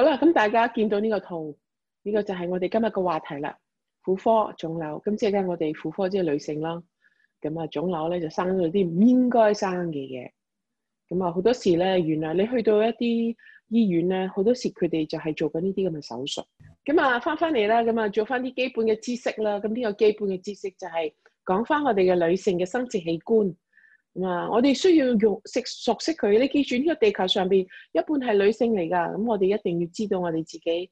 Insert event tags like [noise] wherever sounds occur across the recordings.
好啦，咁大家見到呢個圖，呢個就係我哋今日個話題啦。婦科腫瘤，咁即係我哋婦科即係女性咯。咁啊，腫瘤咧就生咗啲唔應該生嘅嘢。咁啊，好多時咧，原來你去到一啲醫院咧，好多時佢哋就係做緊呢啲咁嘅手術。咁啊，翻翻嚟啦，咁啊，做翻啲基本嘅知識啦。咁呢個基本嘅知識就係講翻我哋嘅女性嘅生殖器官。啊、嗯！我哋需要用熟熟悉佢。你記住，呢個地球上邊一半係女性嚟噶，咁我哋一定要知道我哋自己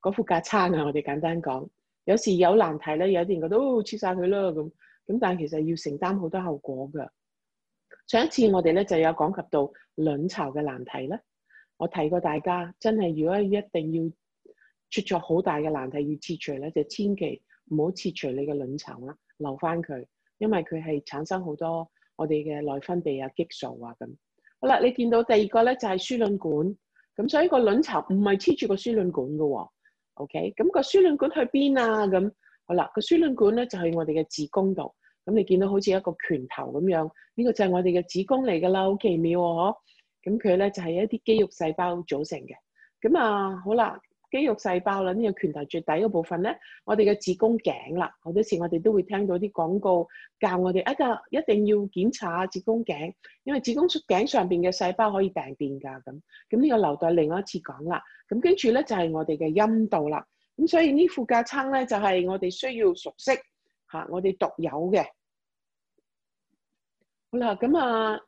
嗰副架撐啊！我哋簡單講，有時有難題咧，有啲人覺得切晒佢咯，咁、哦、咁但係其實要承擔好多後果噶。上一次我哋咧就有講及到卵巢嘅難題咧，我提過大家真係如果一定要切除好大嘅難題要切除咧，就千祈唔好切除你嘅卵巢啦，留翻佢，因為佢係產生好多。我哋嘅內分泌啊、激素啊咁，好啦，你見到第二個咧就係輸卵管，咁所以個卵巢唔係黐住個輸卵管噶喎，OK，咁個輸卵管去邊啊？咁好啦，個輸卵管咧就係我哋嘅子宮度，咁你見到好似一個拳頭咁樣，呢個就係我哋嘅子宮嚟噶啦，好奇妙喎，嗬，咁佢咧就係一啲肌肉細胞組成嘅，咁啊好啦。肌肉細胞啦，呢個拳頭最底嗰部分咧，我哋嘅子宮頸啦，好多時我哋都會聽到啲廣告教我哋一格一定要檢查下子宮頸，因為子宮頸上邊嘅細胞可以病變噶咁。咁呢個留待另外一次講啦。咁跟住咧就係我哋嘅陰道啦。咁所以呢副架撐咧就係我哋需要熟悉吓，我哋獨有嘅。好啦，咁啊，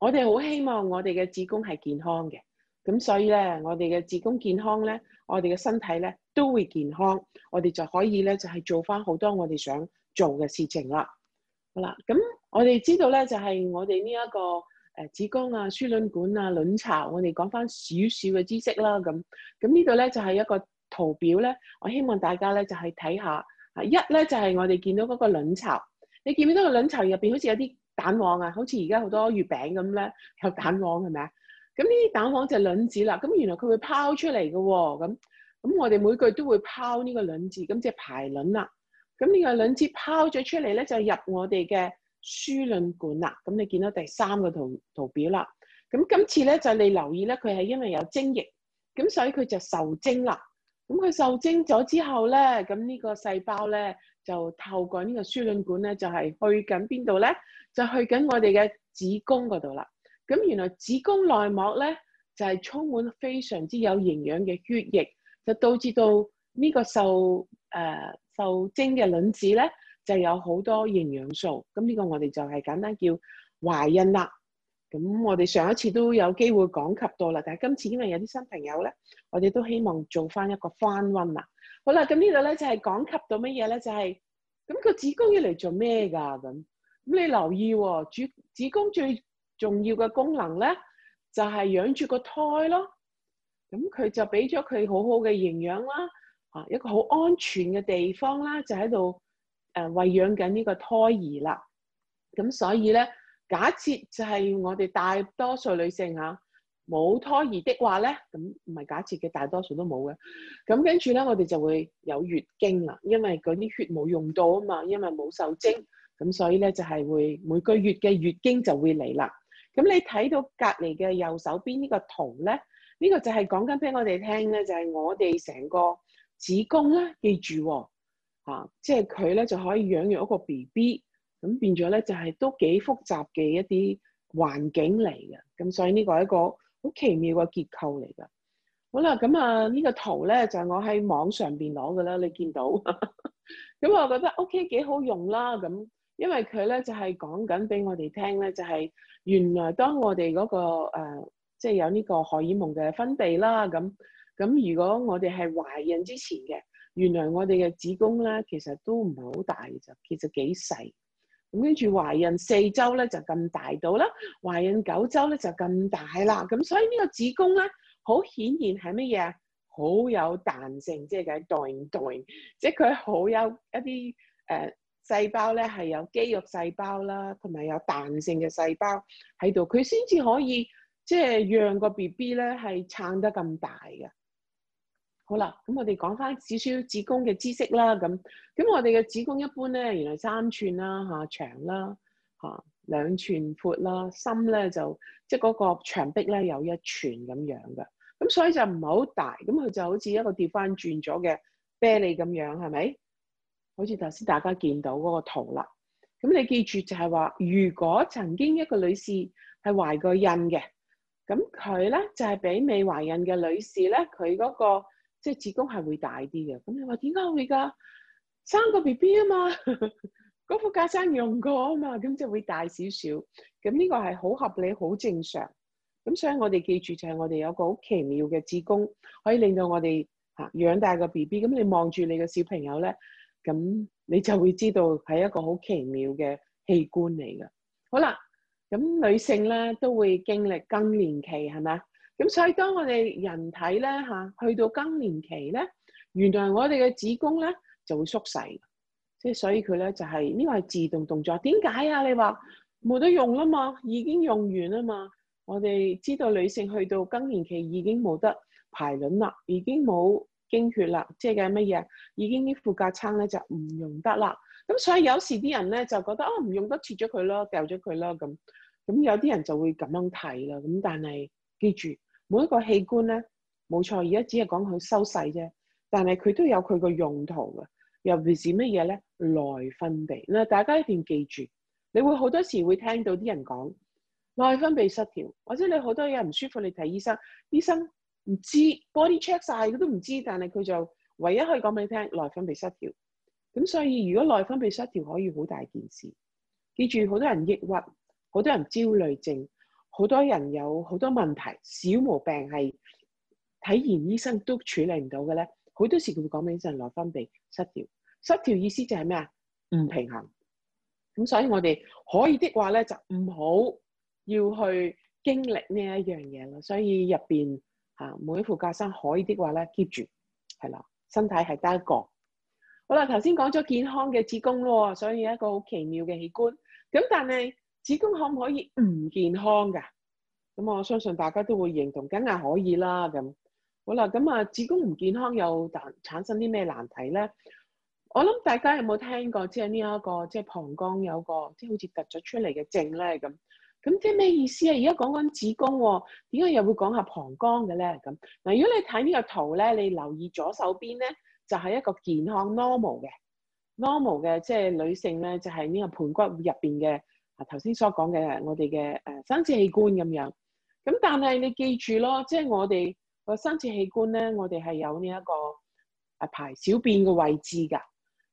我哋好希望我哋嘅子宮係健康嘅。咁所以咧，我哋嘅子宮健康咧，我哋嘅身體咧都會健康，我哋就可以咧就係做翻好多我哋想做嘅事情啦。好啦，咁我哋知道咧就係我哋呢一個誒子宮啊、輸卵管啊、卵巢，我哋講翻少少嘅知識啦。咁咁呢度咧就係一個圖表咧，我希望大家咧就係睇下，一咧就係我哋見到嗰個卵巢，你見唔見到個卵巢入邊好似有啲蛋黃啊？好似而家好多月餅咁咧，有蛋黃係咪啊？咁呢啲蛋黃就卵子啦，咁原來佢會拋出嚟嘅喎，咁咁我哋每個月都會拋呢個卵子，咁即係排卵啦。咁呢個卵子拋咗出嚟咧，就入我哋嘅輸卵管啦。咁你見到第三個圖圖表啦，咁今次咧就你留意咧，佢係因為有精液，咁所以佢就受精啦。咁佢受精咗之後咧，咁呢個細胞咧就透過個呢個輸卵管咧，就係、是、去緊邊度咧？就去緊我哋嘅子宮嗰度啦。咁原來子宮內膜咧就係、是、充滿非常之有營養嘅血液，就導致到呢個受誒、呃、受精嘅卵子咧就有好多營養素。咁呢個我哋就係簡單叫懷孕啦。咁我哋上一次都有機會講及到啦，但係今次因為有啲新朋友咧，我哋都希望做翻一個翻温啦。好啦，咁呢度咧就係、是、講及到乜嘢咧？就係咁個子宮要嚟做咩㗎？咁咁你留意喎、哦，主子宮最重要嘅功能咧，就係養住個胎咯。咁佢就俾咗佢好好嘅營養啦，啊，一個好安全嘅地方啦，就喺度誒餵養緊呢個胎兒啦。咁所以咧，假設就係我哋大多數女性吓、啊、冇胎兒的話咧，咁唔係假設嘅，大多數都冇嘅。咁跟住咧，我哋就會有月經啦，因為嗰啲血冇用到啊嘛，因為冇受精，咁所以咧就係、是、會每個月嘅月經就會嚟啦。咁你睇到隔離嘅右手邊呢個圖咧，呢個就係講緊俾我哋聽咧，就係我哋成個子宮啦，記住喎，啊，即係佢咧就可以養育一個 B B，咁變咗咧就係都幾複雜嘅一啲環境嚟嘅，咁所以呢個係一個好奇妙嘅結構嚟㗎。好啦，咁啊呢個圖咧就係我喺網上面攞㗎啦，你見到，咁 [laughs] 我覺得 O K 幾好用啦，咁。因為佢咧就係講緊俾我哋聽咧，就係原來當我哋嗰個誒，即係有呢個荷爾蒙嘅分泌啦。咁咁，如果我哋係懷孕之前嘅，原來我哋嘅子宮咧其實都唔係好大嘅，就，其實幾細。咁跟住懷孕四周咧就咁大到啦，懷孕九周咧就咁大啦。咁所以呢個子宮咧，好顯然係乜嘢？好有彈性，即係嘅代唔代？即係佢好有一啲誒。呃細胞咧係有肌肉細胞啦，同埋有，有彈性嘅細胞喺度，佢先至可以即係讓個 B B 咧係撐得咁大嘅。好啦，咁我哋講翻少少子宮嘅知識啦。咁咁我哋嘅子宮一般咧，原來三寸啦嚇、啊，長啦嚇、啊，兩寸闊啦，深、啊、咧就即係嗰個牆壁咧有一寸咁樣嘅。咁所以就唔係好大，咁佢就好似一個跌翻轉咗嘅啤梨咁樣，係咪？好似頭先大家見到嗰個圖啦，咁你記住就係話，如果曾經一個女士係懷過孕嘅，咁佢咧就係、是、比未懷孕嘅女士咧，佢嗰、那個即係子宮係會大啲嘅。咁你話點解會㗎？生個 B B 啊 [laughs] 嘛，嗰副架生用過啊嘛，咁就會大少少。咁呢個係好合理、好正常。咁所以我哋記住就係我哋有個好奇妙嘅子宮，可以令到我哋嚇養大個 B B。咁你望住你個小朋友咧。咁你就會知道係一個好奇妙嘅器官嚟㗎。好啦，咁女性咧都會經歷更年期，係咪啊？咁所以當我哋人體咧嚇去到更年期咧，原來我哋嘅子宮咧就會縮細，即係所以佢咧就係呢個係自動動作。點解啊？你話冇得用啦嘛，已經用完啦嘛。我哋知道女性去到更年期已經冇得排卵啦，已經冇。經血啦，即係嘅乜嘢，已經啲副駕撐咧就唔用得啦。咁所以有時啲人咧就覺得哦，唔用得，切咗佢咯，掉咗佢咯咁。咁有啲人就會咁樣睇啦。咁但係記住每一個器官咧，冇錯，而家只係講佢收細啫。但係佢都有佢個用途嘅，尤其是乜嘢咧？內分泌。嗱，大家一定要記住。你會好多時會聽到啲人講內分泌失調，或者你好多嘢唔舒服，你睇醫生，醫生。唔知 body check 晒，佢都唔知，但係佢就唯一可以講俾你聽內分泌失調。咁所以如果內分泌失調可以好大件事。記住，好多人抑鬱，好多人焦慮症，好多人有好多問題，小毛病係睇然醫生都處理唔到嘅咧。好多時佢會講俾你聽內分泌失調。失調意思就係咩啊？唔平衡。咁所以我哋可以的話咧，就唔好要，要去經歷呢一樣嘢咯。所以入面。吓，每一副架生可以啲話咧 keep 住，係啦，身體係得一個。好啦，頭先講咗健康嘅子宮咯，所以一個好奇妙嘅器官。咁但係子宮可唔可以唔健康噶？咁我相信大家都會認同，梗係可以啦。咁好啦，咁啊子宮唔健康又但產生啲咩難題咧？我諗大家有冇聽過，即係呢一個即係膀胱有個即係好似突咗出嚟嘅症咧？咁。咁即係咩意思啊？而家講緊子宮喎，點解又會講下膀胱嘅咧？咁嗱，如果你睇呢個圖咧，你留意左手邊咧，就係、是、一個健康 normal 嘅，normal 嘅即係女性咧，就係、是、呢個盆骨入邊嘅啊頭先所講嘅我哋嘅誒生殖器官咁樣。咁但係你記住咯，即、就、係、是、我哋個生殖器官咧，我哋係有呢、這、一個、啊、排小便嘅位置㗎。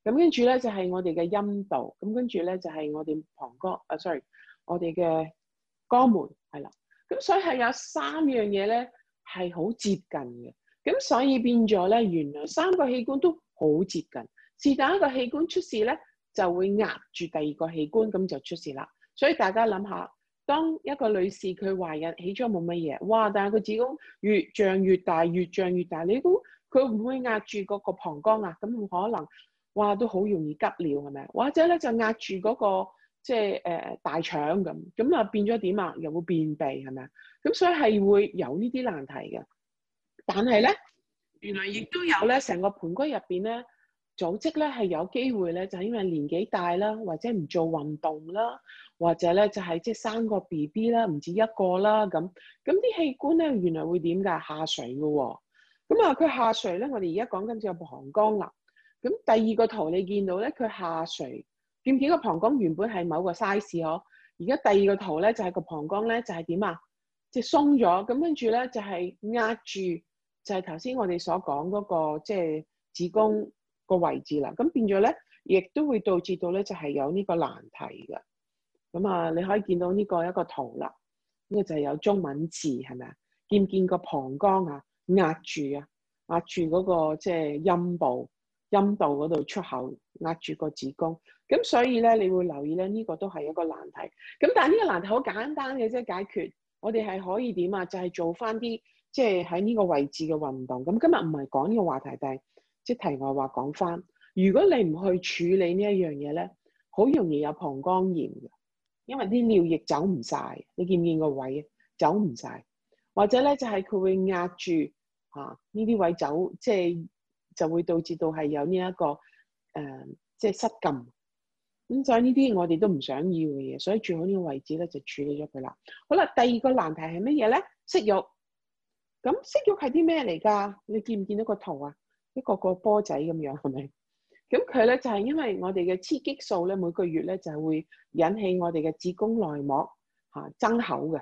咁跟住咧就係、是、我哋嘅陰道。咁跟住咧就係、是、我哋膀胱啊，sorry，我哋嘅。肛門係啦，咁所以係有三樣嘢咧係好接近嘅，咁所以變咗咧原來三個器官都好接近，是但一個器官出事咧就會壓住第二個器官，咁就出事啦。所以大家諗下，當一個女士佢懷孕起咗冇乜嘢，哇！但係佢子宮越脹越大，越脹越大，你估佢會唔會壓住嗰個膀胱啊？咁可能，哇！都好容易急尿係咪？或者咧就壓住嗰個？即係誒、呃、大腸咁，咁啊變咗點啊？又會便秘係咪啊？咁所以係會有呢啲難題嘅。但係咧，原來亦都有咧，成個盆骨入邊咧組織咧係有機會咧，就係因為年紀大啦，或者唔做運動啦，或者咧就係即係生個 B B 啦，唔止一個啦，咁咁啲器官咧原來會點㗎？下垂㗎喎。咁啊，佢下垂咧，我哋而家講緊就有膀胱啦。咁第二個圖你見到咧，佢下垂。見唔見個膀胱原本係某個 size 嗬？而家第二個圖咧就係個膀胱咧就係點啊？即係鬆咗，咁跟住咧就係壓住，就係頭先我哋所講嗰個即係子宮個位置啦。咁變咗咧，亦都會導致到咧就係有呢個難題嘅。咁啊，你可以見到呢個一個圖啦，呢個就係有中文字係咪啊？見唔見個膀胱啊？壓住啊，壓住嗰個即係陰部。陰道嗰度出口壓住個子宮，咁所以咧，你會留意咧，呢個都係一個難題。咁但係呢個難題好簡單嘅啫，解決，我哋係可以點啊？就係做翻啲即係喺呢個位置嘅運動。咁今日唔係講呢個話題，但係即係題外話講翻。如果你唔去處理呢一樣嘢咧，好容易有膀胱炎嘅，因為啲尿液走唔晒。你見唔見個位啊，走唔晒？或者咧就係佢會壓住啊呢啲位走，即係。就會導致到係有呢、這、一個誒、呃，即係失禁。咁、嗯、所以呢啲我哋都唔想要嘅嘢，所以最好呢個位置咧就處理咗佢啦。好啦，第二個難題係乜嘢咧？息肉。咁息肉係啲咩嚟㗎？你見唔見到個圖啊？一個個波仔咁樣係咪？咁佢咧就係、是、因為我哋嘅雌激素咧每個月咧就係會引起我哋嘅子宮內膜嚇增厚嘅。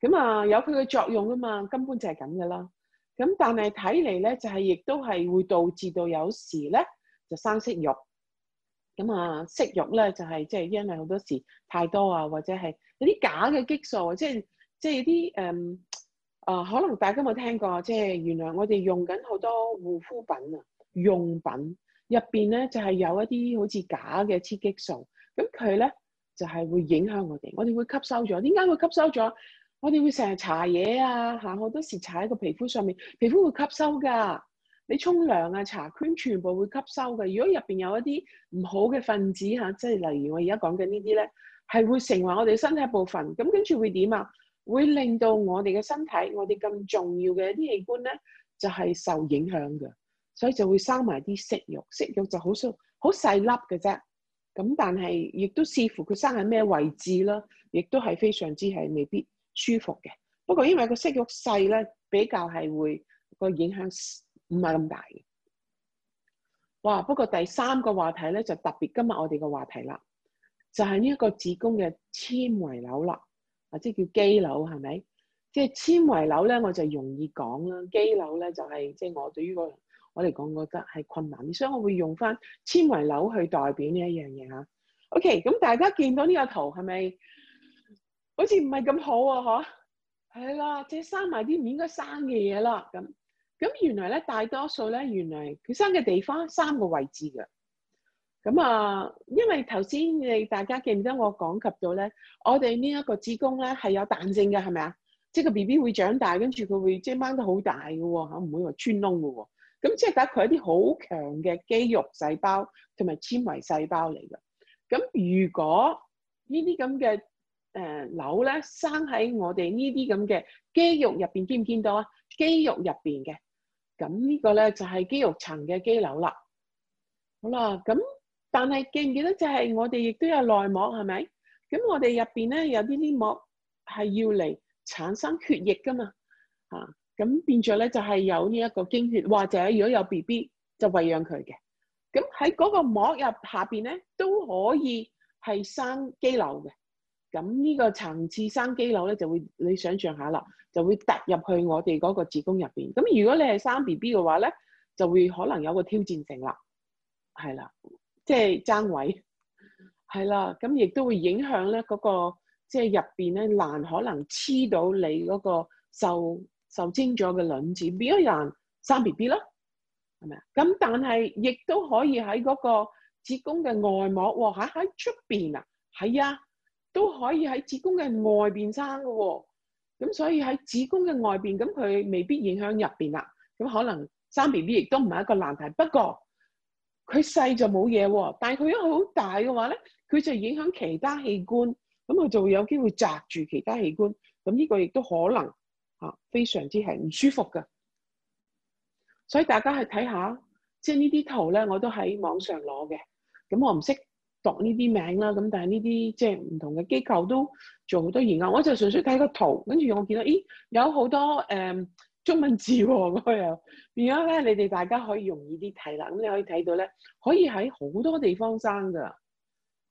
咁啊,的啊有佢嘅作用啊嘛，根本就係咁嘅啦。咁但係睇嚟咧，就係亦都係會導致到有時咧就生息肉。咁啊，息肉咧就係即係因為好多時太多啊，或者係有啲假嘅激素，即係即係有啲誒啊，可能大家有冇聽過，即係原來我哋用緊好多護膚品啊，用品入邊咧就係有一啲好似假嘅雌激素，咁佢咧就係會影響我哋，我哋會吸收咗。點解會吸收咗？我哋會成日搽嘢啊，嚇好多時搽喺個皮膚上面，皮膚會吸收㗎。你沖涼啊，搽 cream 全部會吸收嘅。如果入邊有一啲唔好嘅分子嚇，即係例如我而家講緊呢啲咧，係會成為我哋身體部分。咁跟住會點啊？會令到我哋嘅身體，我哋咁重要嘅一啲器官咧，就係受影響嘅，所以就會生埋啲息肉。息肉就好少好細粒嘅啫。咁但係亦都視乎佢生喺咩位置咯，亦都係非常之係未必。舒服嘅，不過因為個息肉細咧，比較係會個影響唔係咁大嘅。哇！不過第三個話題咧就特別，今日我哋個話題啦，就係呢一個子宮嘅纖維瘤啦，或者叫肌瘤，係咪？即係纖維瘤咧，我就容易講啦；肌瘤咧就係即係我對於個我嚟講，覺得係困難，所以我會用翻纖維瘤去代表呢一樣嘢吓，OK，咁大家見到呢個圖係咪？是不是？好似唔係咁好啊，嗬，係啦，即係生埋啲唔應該生嘅嘢啦。咁咁，原來咧，大多數咧，原來佢生嘅地方三個位置嘅。咁啊，因為頭先你大家記唔記得我講及到咧，我哋呢一個子宮咧係有彈性嘅，係咪啊？即係個 B B 會長大，跟住佢會即係掹得好大嘅喎，吓唔會話穿窿嘅喎。咁即係包括一啲好強嘅肌肉細胞同埋纖維細胞嚟嘅。咁如果呢啲咁嘅。誒、呃，瘤咧生喺我哋呢啲咁嘅肌肉入邊，見唔見到啊？肌肉入邊嘅，咁呢個咧就係、是、肌肉層嘅肌瘤啦。好啦，咁但係記唔記得就係我哋亦都有內膜係咪？咁我哋入邊咧有啲啲膜係要嚟產生血液噶嘛，吓、啊、咁變咗咧就係、是、有呢一個經血或者如果有 B B 就餵養佢嘅。咁喺嗰個膜入下邊咧都可以係生肌瘤嘅。咁呢個層次生肌瘤咧，就會你想像下啦，就會突入去我哋嗰個子宮入邊。咁如果你係生 B B 嘅話咧，就會可能有個挑戰性啦，係啦，即係爭位係啦。咁亦都會影響咧嗰個即係入邊咧，難可能黐到你嗰個受受精咗嘅卵子，變咗難生 B B 咯？係咪啊？咁但係亦都可以喺嗰個子宮嘅外膜，哇！喺出邊啊？係啊！都可以喺子宮嘅外邊生嘅喎，哦，咁所以喺子宮嘅外邊，咁佢未必影響入邊啦。咁可能生 B B 亦都唔係一個難題。不過佢細就冇嘢喎，但係佢一好大嘅話咧，佢就影響其他器官，咁佢就會有機會紮住其他器官。咁呢個亦都可能啊，非常之係唔舒服嘅。所以大家去睇下，即係呢啲圖咧，我都喺網上攞嘅。咁我唔識。讀呢啲名啦，咁但係呢啲即係唔同嘅機構都做好多研究。我就純粹睇個圖，跟住我見到，咦，有好多誒、嗯、中文字喎噉樣，變咗咧。你哋大家可以容易啲睇啦。咁你可以睇到咧，可以喺好多地方生噶，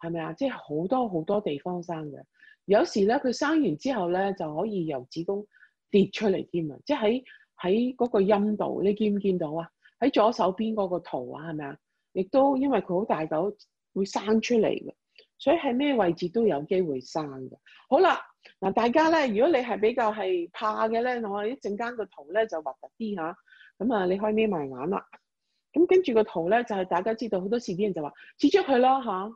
係咪啊？即係好多好多地方生㗎。有時咧，佢生完之後咧，就可以由子宮跌出嚟添㗎。即係喺喺嗰個陰道，你見唔見到啊？喺左手邊嗰個圖啊，係咪啊？亦都因為佢好大嚿。會生出嚟嘅，所以係咩位置都有機會生嘅。好啦，嗱，大家咧，如果你係比較係怕嘅咧，我一陣間個圖咧就核突啲吓，咁啊，你可以眯埋眼啦。咁跟住個圖咧，就係大家知道，好多時啲人就話切咗佢啦吓，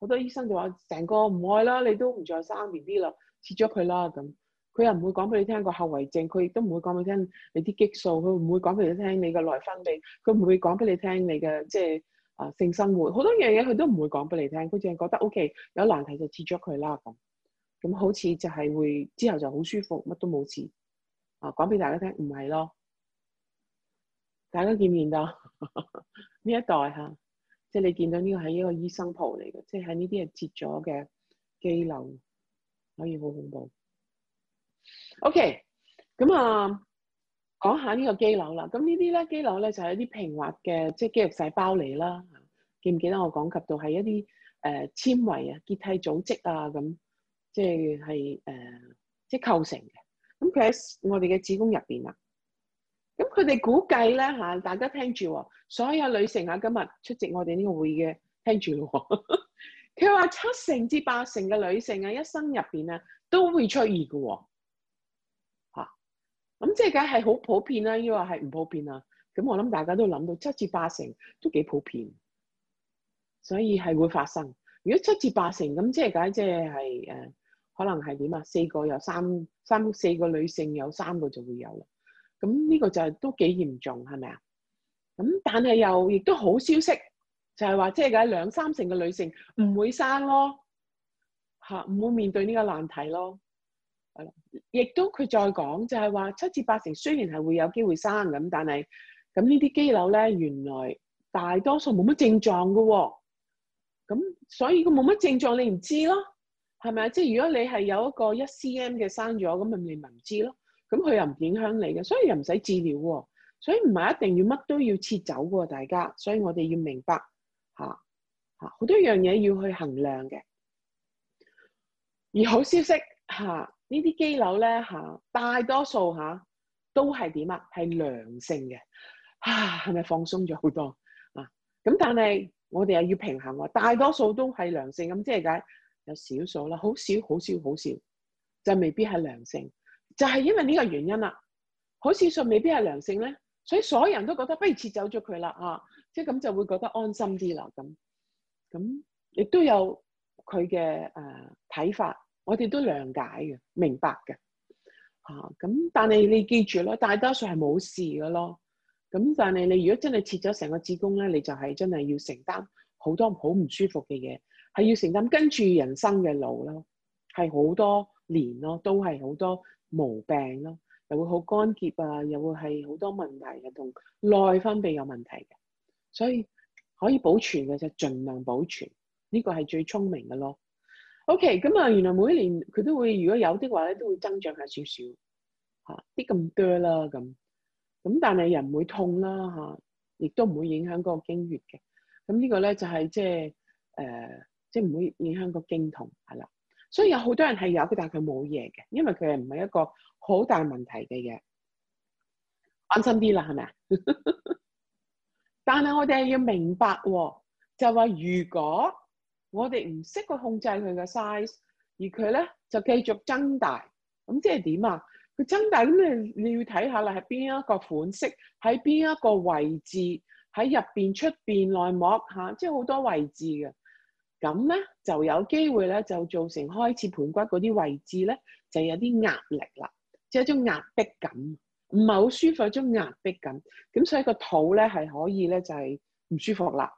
好多醫生就話成個唔愛啦，你都唔再生 B B 啦，切咗佢啦咁。佢又唔會講俾你聽個後遺症，佢亦都唔會講俾你聽你啲激素，佢唔會講俾你聽你個內分泌，佢唔會講俾你聽你嘅即係。啊，性生活好多樣嘢佢都唔會講俾你聽，佢淨係覺得 OK，有難題就切咗佢啦咁，咁好似就係會之後就好舒服，乜都冇事。啊，講俾大家聽，唔係咯，大家見面咯。呢 [laughs] 一代嚇、啊，即係你見到呢個係一個醫生鋪嚟嘅，即係呢啲係切咗嘅肌瘤，可以好恐怖。OK，咁啊。Uh, 講下呢個肌瘤啦，咁呢啲咧肌瘤咧就係一啲平滑嘅，即係肌肉細胞嚟啦。記唔記得我講及到係一啲誒纖維啊、結締組織啊咁，即係係誒即係構成嘅。咁佢喺我哋嘅子宮入邊啊。咁佢哋估計咧嚇，大家聽住喎，所有女性啊，今日出席我哋呢個會嘅，聽住喎。佢話七成至八成嘅女性啊，一生入邊啊，都會出現嘅喎。咁即係梗係好普遍啦，要話係唔普遍啊？咁、啊、我諗大家都諗到七至八成都幾普遍，所以係會發生。如果七至八成咁，即係解，即係誒，可能係點啊？四個有三三四個女性有三個就會有啦。咁呢個就係、是、都幾嚴重，係咪啊？咁但係又亦都好消息，就係、是、話即係解兩三成嘅女性唔會生咯，嚇唔會面對呢個難題咯。亦都佢再講就係話七至八成雖然係會有機會生咁，但係咁呢啲肌瘤咧，原來大多數冇乜症狀喎、哦。咁所以佢冇乜症狀你唔知咯，係咪啊？即係如果你係有一個一 cm 嘅生咗，咁咪你唔知咯，咁佢又唔影響你嘅，所以又唔使治療、哦，所以唔係一定要乜都要切走噶，大家，所以我哋要明白吓吓好多樣嘢要去衡量嘅，而好消息吓。這基呢啲肌瘤咧嚇，大多數嚇都係點啊？係良性嘅，嚇係咪放鬆咗好多啊？咁但係我哋又要平衡喎，大多數都係良性，咁即係解有少數啦，好少好少好少，好少，就未必係良性，就係、係、因為呢個原因啦。好少數未必係良性咧，所以所有人都覺得不如撤走咗佢啦嚇，即係咁就會覺得安心啲啦咁。咁亦都有佢嘅誒睇法。我哋都諒解嘅，明白嘅，嚇、啊、咁。但係你記住咯，大多數係冇事㗎咯。咁但係你如果真係切咗成個子宮咧，你就係真係要承擔好多好唔舒服嘅嘢，係要承擔跟住人生嘅路咯，係好多年咯，都係好多毛病咯，又會好乾澀啊，又會係好多問題啊，同內分泌有問題嘅。所以可以保存嘅就儘量保存，呢個係最聰明嘅咯。O.K. 咁啊，原來每年佢都會，如果有啲嘅話咧，都會增長下少少，嚇啲咁多啦咁。咁但係人唔會痛啦，嚇、啊，亦都唔會影響嗰個經血嘅。咁呢個咧就係即係誒，即係唔、呃、會影響嗰個經痛係啦。所以有好多人係有嘅，但係佢冇嘢嘅，因為佢係唔係一個好大問題嘅嘢，安心啲啦，係咪啊？ [laughs] 但係我哋係要明白喎、哦，就話如果。我哋唔識去控制佢嘅 size，而佢咧就繼續增大，咁即係點啊？佢增大咁，你你要睇下啦，係邊一個款式，喺邊一個位置，喺入邊出邊內膜吓，啊，即係好多位置嘅。咁咧就有機會咧就造成開始盆骨嗰啲位置咧就有啲壓力啦，即係一種壓迫感，唔係好舒服，一種壓迫感。咁所以個肚咧係可以咧就係唔舒服啦。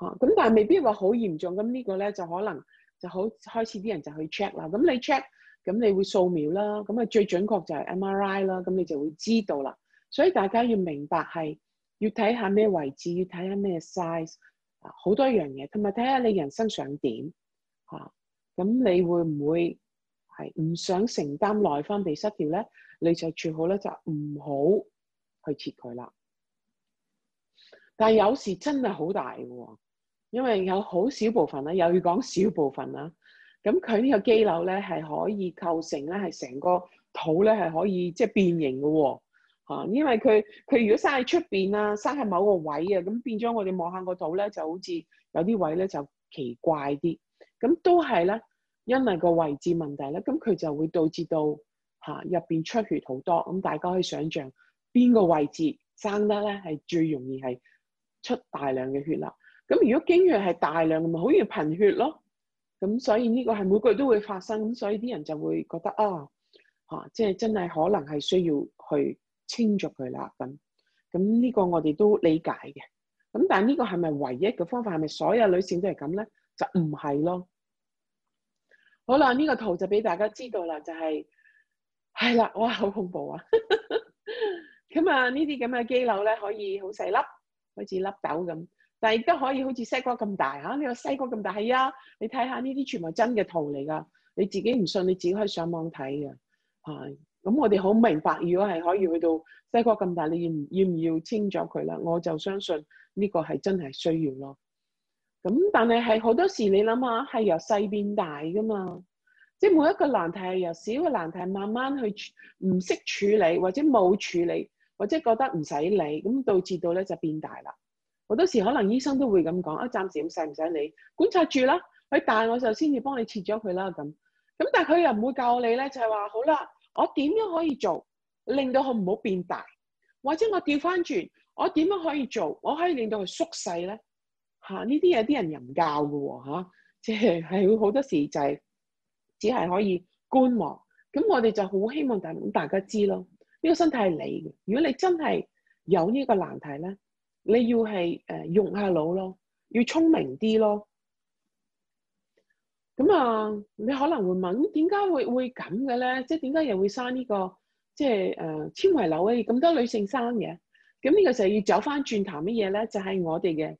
嚇！咁但係未必話好嚴重，咁呢個咧就可能就好開始啲人就去 check 啦。咁你 check，咁你會掃描啦，咁啊最準確就係 MRI 啦。咁你就會知道啦。所以大家要明白係要睇下咩位置，要睇下咩 size，啊，好多樣嘢，同埋睇下你人生想點嚇。咁你會唔會係唔想承擔內分泌失調咧？你就最好咧就唔好去切佢啦。但係有時真係好大嘅，因為有好少部分啦，又要講少部分啦。咁佢呢個肌瘤咧係可以構成咧係成個肚咧係可以即係、就是、變形嘅喎，因為佢佢如果生喺出邊啊，生喺某個位啊，咁變咗我哋望下個肚咧就好似有啲位咧就奇怪啲。咁都係咧，因為個位置問題咧，咁佢就會導致到嚇入邊出血好多。咁大家可以想象邊個位置生得咧係最容易係，出大量嘅血啦，咁如果經血係大量嘅咪好易貧血咯，咁所以呢個係每個月都會發生，咁所以啲人就會覺得啊，嚇、啊，即係真係可能係需要去清咗佢啦，咁咁呢個我哋都理解嘅，咁但係呢個係咪唯一嘅方法？係咪所有女性都係咁咧？就唔係咯。好啦，呢個圖就俾大家知道啦，就係係啦，哇，好恐怖啊！咁 [laughs] 啊，呢啲咁嘅肌瘤咧可以好細粒。好似粒豆咁，但係亦都可以好似西瓜咁大吓。你話西瓜咁大係啊？你睇下呢啲全部真嘅圖嚟㗎。你自己唔信，你自己可以上網睇嘅。啊，咁我哋好明白，如果係可以去到西瓜咁大，你要唔要唔要清咗佢啦？我就相信呢個係真係需要咯。咁但係係好多時你諗下係由細變大㗎嘛，即係每一個難題係由小嘅難題慢慢去唔識處理或者冇處理。我即係覺得唔使理，咁導致到咧就變大啦。好多時可能醫生都會咁講：，啊，暫時咁使唔使理，觀察住啦。佢但我，我就先至幫你切咗佢啦。咁咁，但係佢又唔會教你咧，就係話好啦，我點樣可以做，令到佢唔好變大，或者我調翻轉，我點樣可以做，我可以令到佢縮細咧。嚇，呢啲嘢啲人又唔教㗎喎，即係係會好多時就係只係可以觀望。咁我哋就好希望大大家知咯。呢個身體係你嘅，如果你真係有呢個難題咧，你要係誒用下腦咯，要聰明啲咯。咁啊，你可能會問，咁點解會會咁嘅咧？即係點解又會生呢個即係誒纖維瘤咧？咁多女性生嘅，咁呢個就要走翻轉頭乜嘢咧？就係我哋嘅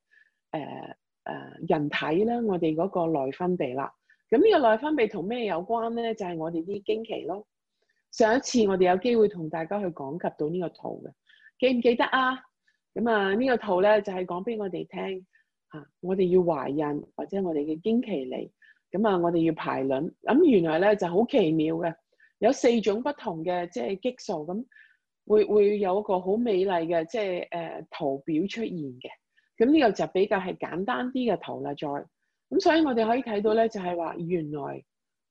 誒誒人體啦，我哋嗰個內分泌啦。咁呢個內分泌同咩有關咧？就係我哋啲經期咯。上一次我哋有機會同大家去講及到呢個圖嘅，記唔記得啊？咁啊，呢個圖咧就係講俾我哋聽嚇，我哋要懷孕或者我哋嘅經期嚟，咁啊我哋要排卵。咁原來咧就好奇妙嘅，有四種不同嘅即係激素，咁會會有一個好美麗嘅即係誒圖表出現嘅。咁呢個就比較係簡單啲嘅圖啦，再咁所以我哋可以睇到咧，就係話原來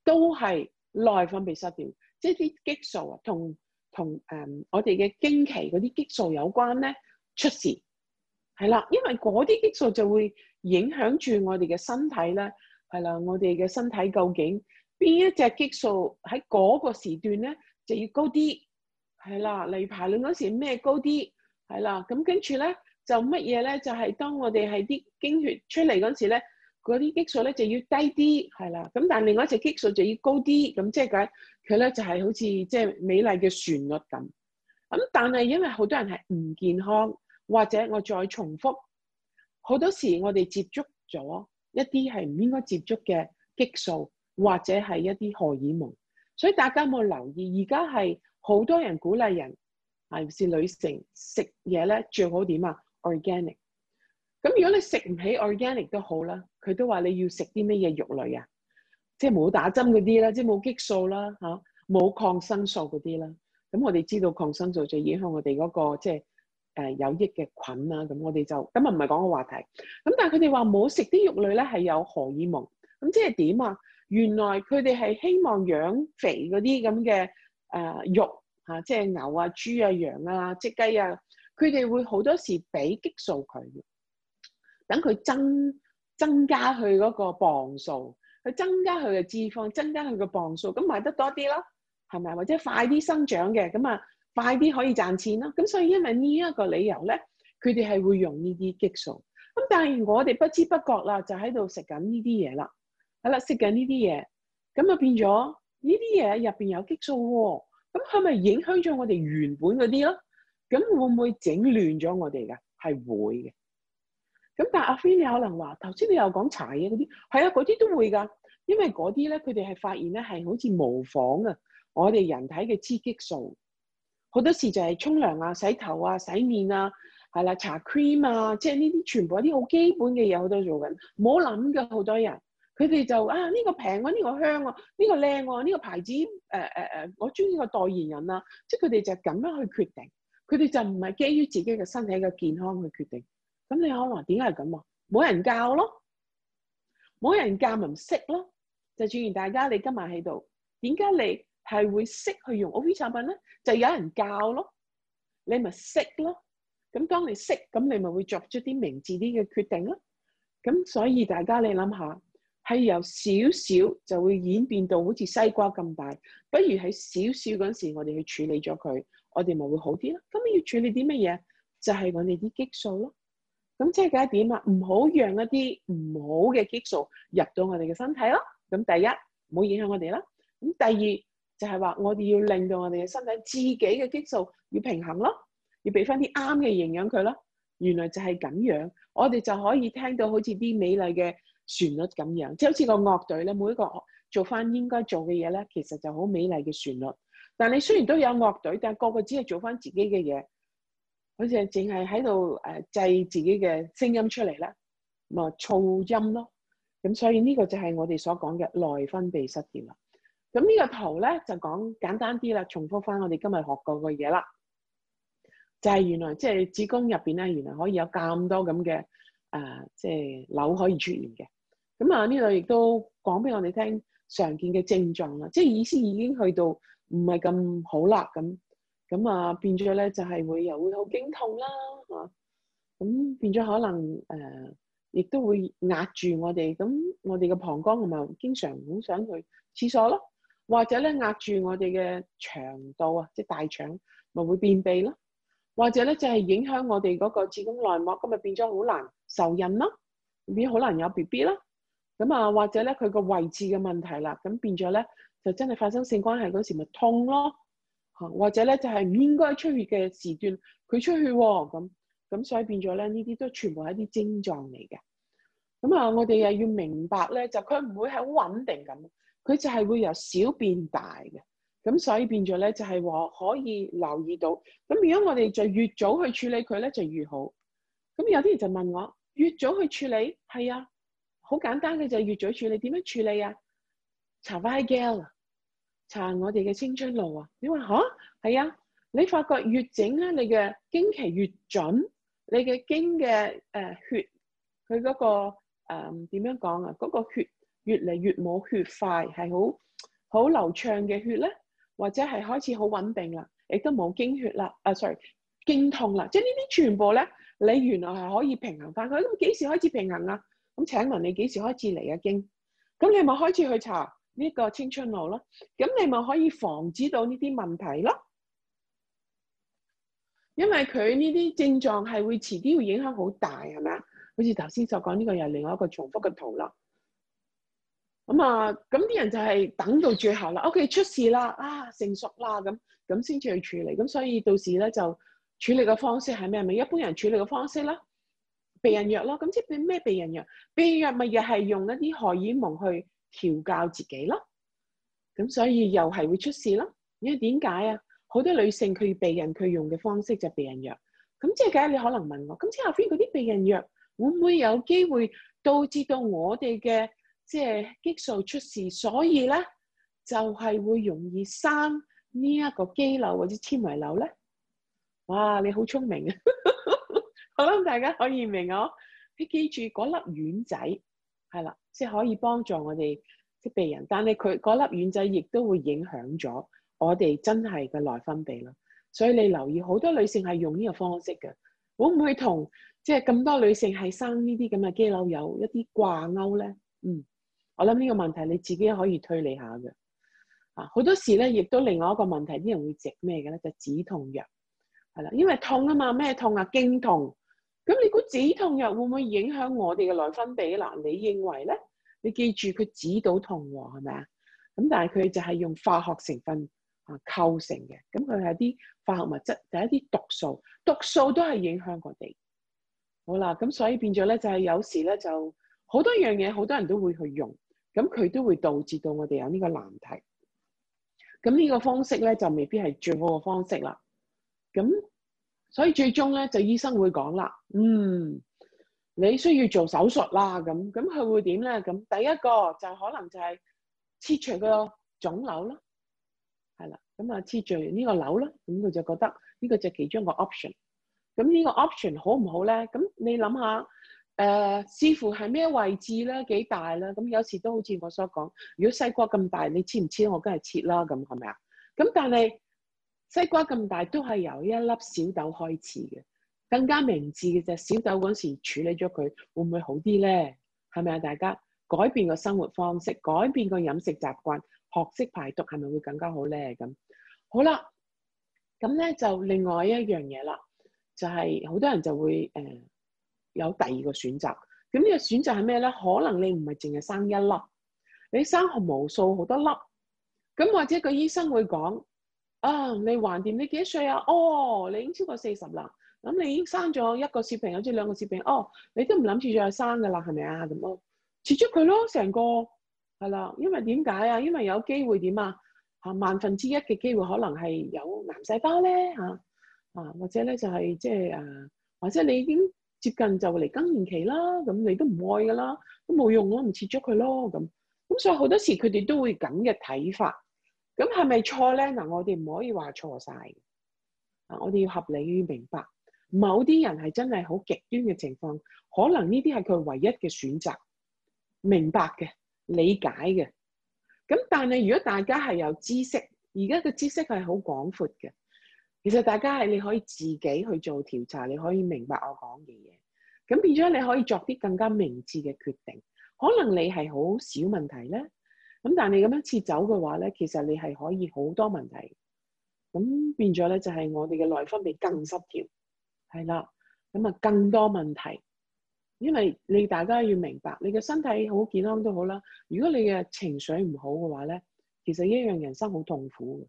都係內分泌失調。即係啲激素啊，同同誒我哋嘅經期嗰啲激素有關咧出事係啦，因為嗰啲激素就會影響住我哋嘅身體咧係啦。我哋嘅身體究竟邊一隻激素喺嗰個時段咧就要高啲係啦，例如排卵嗰時咩高啲係啦。咁跟住咧就乜嘢咧？就係、就係、當我哋係啲經血出嚟嗰時咧，嗰啲激素咧就要低啲係啦。咁但係另外一隻激素就要高啲咁，即係講。佢咧就係好似即係美麗嘅旋律咁，咁但係因為好多人係唔健康，或者我再重複，好多時我哋接觸咗一啲係唔應該接觸嘅激素，或者係一啲荷爾蒙。所以大家有冇留意？而家係好多人鼓勵人，尤其是女性食嘢咧最好點啊？Organic。咁如果你食唔起 Organic 都好啦，佢都話你要食啲咩嘢肉類啊？即係冇打針嗰啲啦，即係冇激素啦嚇，冇、啊、抗生素嗰啲啦。咁我哋知道抗生素最影響我哋嗰、嗰個即係誒有益嘅菌啦。咁我哋就咁又唔係講個話題。咁但係佢哋話冇食啲肉類咧係有荷爾蒙。咁即係點啊？原來佢哋係希望養肥嗰啲咁嘅誒肉嚇，即係牛啊、豬啊、羊啊、即係雞啊。佢哋、啊、會好多時俾激素佢，等佢增增加佢嗰個磅數。佢增加佢嘅脂肪，增加佢嘅磅數，咁賣得多啲咯，係咪？或者快啲生長嘅，咁啊快啲可以賺錢咯。咁所以因為呢一個理由咧，佢哋係會用呢啲激素。咁但係我哋不知不覺啦，就喺度食緊呢啲嘢啦。係啦，食緊呢啲嘢，咁啊變咗呢啲嘢入邊有激素喎。咁係咪影響咗我哋原本嗰啲咯？咁會唔會整亂咗我哋噶？係會嘅。咁但係阿飛，你可能話頭先你又講茶嘢嗰啲，係啊嗰啲都會噶。因為嗰啲咧，佢哋係發現咧係好似模仿啊我哋人體嘅雌激素，好多時就係沖涼啊、洗頭啊、洗面啊，係啦，搽 cream 啊，即係呢啲全部一啲好基本嘅嘢，好多做緊，唔好諗噶，好多人，佢哋就啊呢個平啊，呢個香喎，呢個靚喎，呢個牌子誒誒誒，我中意個代言人啊，即係佢哋就咁樣去決定，佢哋就唔係基於自己嘅身體嘅健康去決定。咁你可能點解係咁啊？冇人教咯，冇人教咪唔識咯。就自然大家你今日喺度，點解你係會識去用 OV 產品咧？就有人教咯，你咪識咯。咁當你識，咁你咪會作出啲明智啲嘅決定咯。咁所以大家你諗下，係由少少就會演變到好似西瓜咁大。不如喺少少嗰陣時，我哋去處理咗佢，我哋咪會好啲咯。咁你要處理啲乜嘢？就係我哋啲激素咯。咁即係講一點啊，唔好讓一啲唔好嘅激素入到我哋嘅身體咯。咁第一，唔好影響我哋啦。咁第二，就係話我哋要令到我哋嘅身體自己嘅激素要平衡咯，要俾翻啲啱嘅營養佢咯。原來就係咁樣，我哋就可以聽到好似啲美麗嘅旋律咁樣，即係好似個樂隊咧，每一個樂隊做翻應該做嘅嘢咧，其實就好美麗嘅旋律。但係你雖然都有樂隊，但係個個只係做翻自己嘅嘢。好似淨係喺度誒，製自己嘅聲音出嚟啦，咁啊，噪音咯，咁所以呢個就係我哋所講嘅內分泌失調啦。咁呢個圖咧就講簡單啲啦，重複翻我哋今日學過嘅嘢啦，就係、是、原來即係、就是、子宮入邊咧，原來可以有咁多咁嘅誒，即、呃、係、就是、瘤可以出現嘅。咁啊呢度亦都講俾我哋聽常見嘅症狀啦，即、就、係、是、意思已經去到唔係咁好啦咁。咁啊，變咗咧就係會又會好經痛啦，嚇！咁變咗可能誒，亦、呃、都會壓住我哋，咁我哋嘅膀胱咪經常好想去廁所咯，或者咧壓住我哋嘅腸道啊，即、就、係、是、大腸咪會便秘咯，或者咧就係、是、影響我哋嗰個子宮內膜，咁咪變咗好難受孕咯，變好難有 B B 啦。咁啊，或者咧佢個位置嘅問題啦，咁變咗咧就真係發生性關係嗰時咪痛咯。或者咧就係唔應該出血嘅時段，佢出血喎、哦、咁，咁所以變咗咧呢啲都全部係一啲症狀嚟嘅。咁啊，我哋又要明白咧，就佢唔會係好穩定咁，佢就係會由小變大嘅。咁所以變咗咧就係、是、話可以留意到。咁如果我哋就越早去處理佢咧就越好。咁有啲人就問我越早去處理係啊，好簡單嘅就係越早處理，點樣處理啊？查翻啲膠啊！查我哋嘅青春路啊！你話吓係啊？你發覺越整咧，你嘅經期越準，你嘅經嘅誒、呃、血，佢嗰、嗰個誒點、呃、樣講啊？嗰、嗰個血越嚟越冇血塊，係好好流暢嘅血咧，或者係開始好穩定啦，亦都冇經血啦。啊，sorry，經痛啦，即係呢啲全部咧，你原來係可以平衡翻佢。咁幾時開始平衡啊？咁請問你幾時開始嚟嘅、啊、經？咁你係咪開始去查？呢個青春路咯，咁你咪可以防止到呢啲問題咯。因為佢呢啲症狀係會遲啲會影響好大，係咪啊？好似頭先所講呢個又係另外一個重複嘅圖咯。咁啊，咁啲人就係等到最後啦，OK 出事啦，啊，成熟啦，咁咁先至去處理。咁所以到時咧就處理嘅方式係咩？咪一般人處理嘅方式啦，避孕藥咯。咁即係咩避孕藥？避孕藥咪又係用一啲荷爾蒙去。調教自己咯，咁所以又係會出事咯。因為點解啊？好多女性佢避孕佢用嘅方式就避孕藥，咁即係咧。你可能問我，咁之後邊嗰啲避孕藥會唔會有機會導致到我哋嘅即係激素出事？所以咧就係、是、會容易生呢一個肌瘤或者纖維瘤咧。哇，你好聰明啊！好啦，大家可以明我，你記住嗰粒丸仔係啦。即係可以幫助我哋即病人，但係佢嗰粒丸仔亦都會影響咗我哋真係嘅內分泌咯。所以你留意好多女性係用呢個方式嘅，會唔會同即係咁多女性係生呢啲咁嘅肌瘤有一啲掛鈎咧？嗯，我諗呢個問題你自己可以推理下嘅。啊，好多時咧，亦都另外一個問題，啲人會食咩嘅咧？就止痛藥係啦，因為痛啊嘛，咩痛啊？經痛。咁你估止痛藥會唔會影響我哋嘅內分泌？嗱，你認為咧？你記住佢止到痛係咪啊？咁但係佢就係用化學成分啊構成嘅，咁佢係啲化學物質，就係一啲毒素，毒素都係影響我哋。好啦，咁所以變咗咧，就係有時咧就好多樣嘢，好多人都會去用，咁佢都會導致到我哋有呢個難題。咁呢個方式咧就未必係最好嘅方式啦。咁。所以最終咧，就醫生會講啦，嗯，你需要做手術啦，咁咁佢會點咧？咁第一個就可能就係切除個腫瘤啦，係啦，咁啊切除呢個瘤啦，咁佢就覺得呢個就係其中一個 option。咁呢個 option 好唔好咧？咁你諗下，誒、呃，視乎係咩位置啦，幾大啦，咁有時都好似我所講，如果細骨咁大，你切唔切？我梗係切啦，咁係咪啊？咁但係。西瓜咁大都係由一粒小豆開始嘅。更加明智嘅就係小豆嗰陣時處理咗佢，會唔會好啲咧？係咪啊？大家改變個生活方式，改變個飲食習慣，學識排毒，係咪會更加好咧？咁好啦，咁咧就另外一樣嘢啦，就係、是、好多人就會誒、呃、有第二個選擇。咁呢個選擇係咩咧？可能你唔係淨係生一粒，你生無數好多粒。咁或者個醫生會講。啊，你橫掂？你幾多歲啊？哦，你已經超過四十啦，咁你已經生咗一個小朋友，即係兩個小朋友，哦，你都唔諗住再生噶啦，係咪啊？咁咯，切咗佢咯，成個係啦。因為點解啊？因為有機會點啊？吓，萬分之一嘅機會，可能係有癌細胞咧，吓、啊、吓或者咧就係、是、即係誒、啊，或者你已經接近就嚟更年期啦，咁你都唔愛噶啦，都冇用咯，唔切咗佢咯，咁咁所以好多時佢哋都會咁嘅睇法。咁係咪錯咧？嗱，我哋唔可以話錯晒，啊，我哋要合理，於明白。某啲人係真係好極端嘅情況，可能呢啲係佢唯一嘅選擇，明白嘅，理解嘅。咁但係如果大家係有知識，而家嘅知識係好廣闊嘅，其實大家係你可以自己去做調查，你可以明白我講嘅嘢，咁變咗你可以作啲更加明智嘅決定。可能你係好少問題咧。咁但係你咁樣切走嘅話咧，其實你係可以好多問題，咁變咗咧就係我哋嘅內分泌更失調，係啦，咁啊更多問題，因為你大家要明白，你嘅身體好健康都好啦，如果你嘅情緒唔好嘅話咧，其實一樣人生好痛苦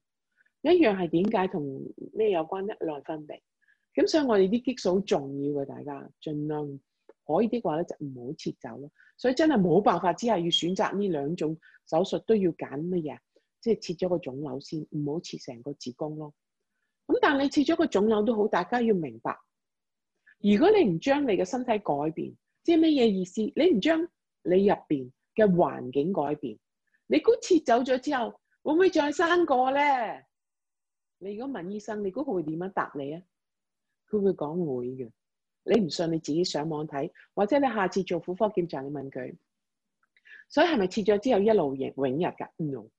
嘅，一樣係點解同咩有關咧？內分泌，咁所以我哋啲激素好重要嘅，大家盡量。可以啲嘅話咧就唔好切走咯，所以真係冇辦法之下，只係要選擇呢兩種手術，都要揀乜嘢？即係切咗個腫瘤先，唔好切成個子宮咯。咁但係你切咗個腫瘤都好，大家要明白，如果你唔將你嘅身體改變，即係乜嘢意思？你唔將你入邊嘅環境改變，你估切走咗之後會唔會再生個咧？你如果問醫生，你估佢會點樣答你啊？佢會講會嘅。你唔信你自己上網睇，或者你下次做婦科檢查，你問佢。所以係咪切咗之後一勞永逸㗎？No，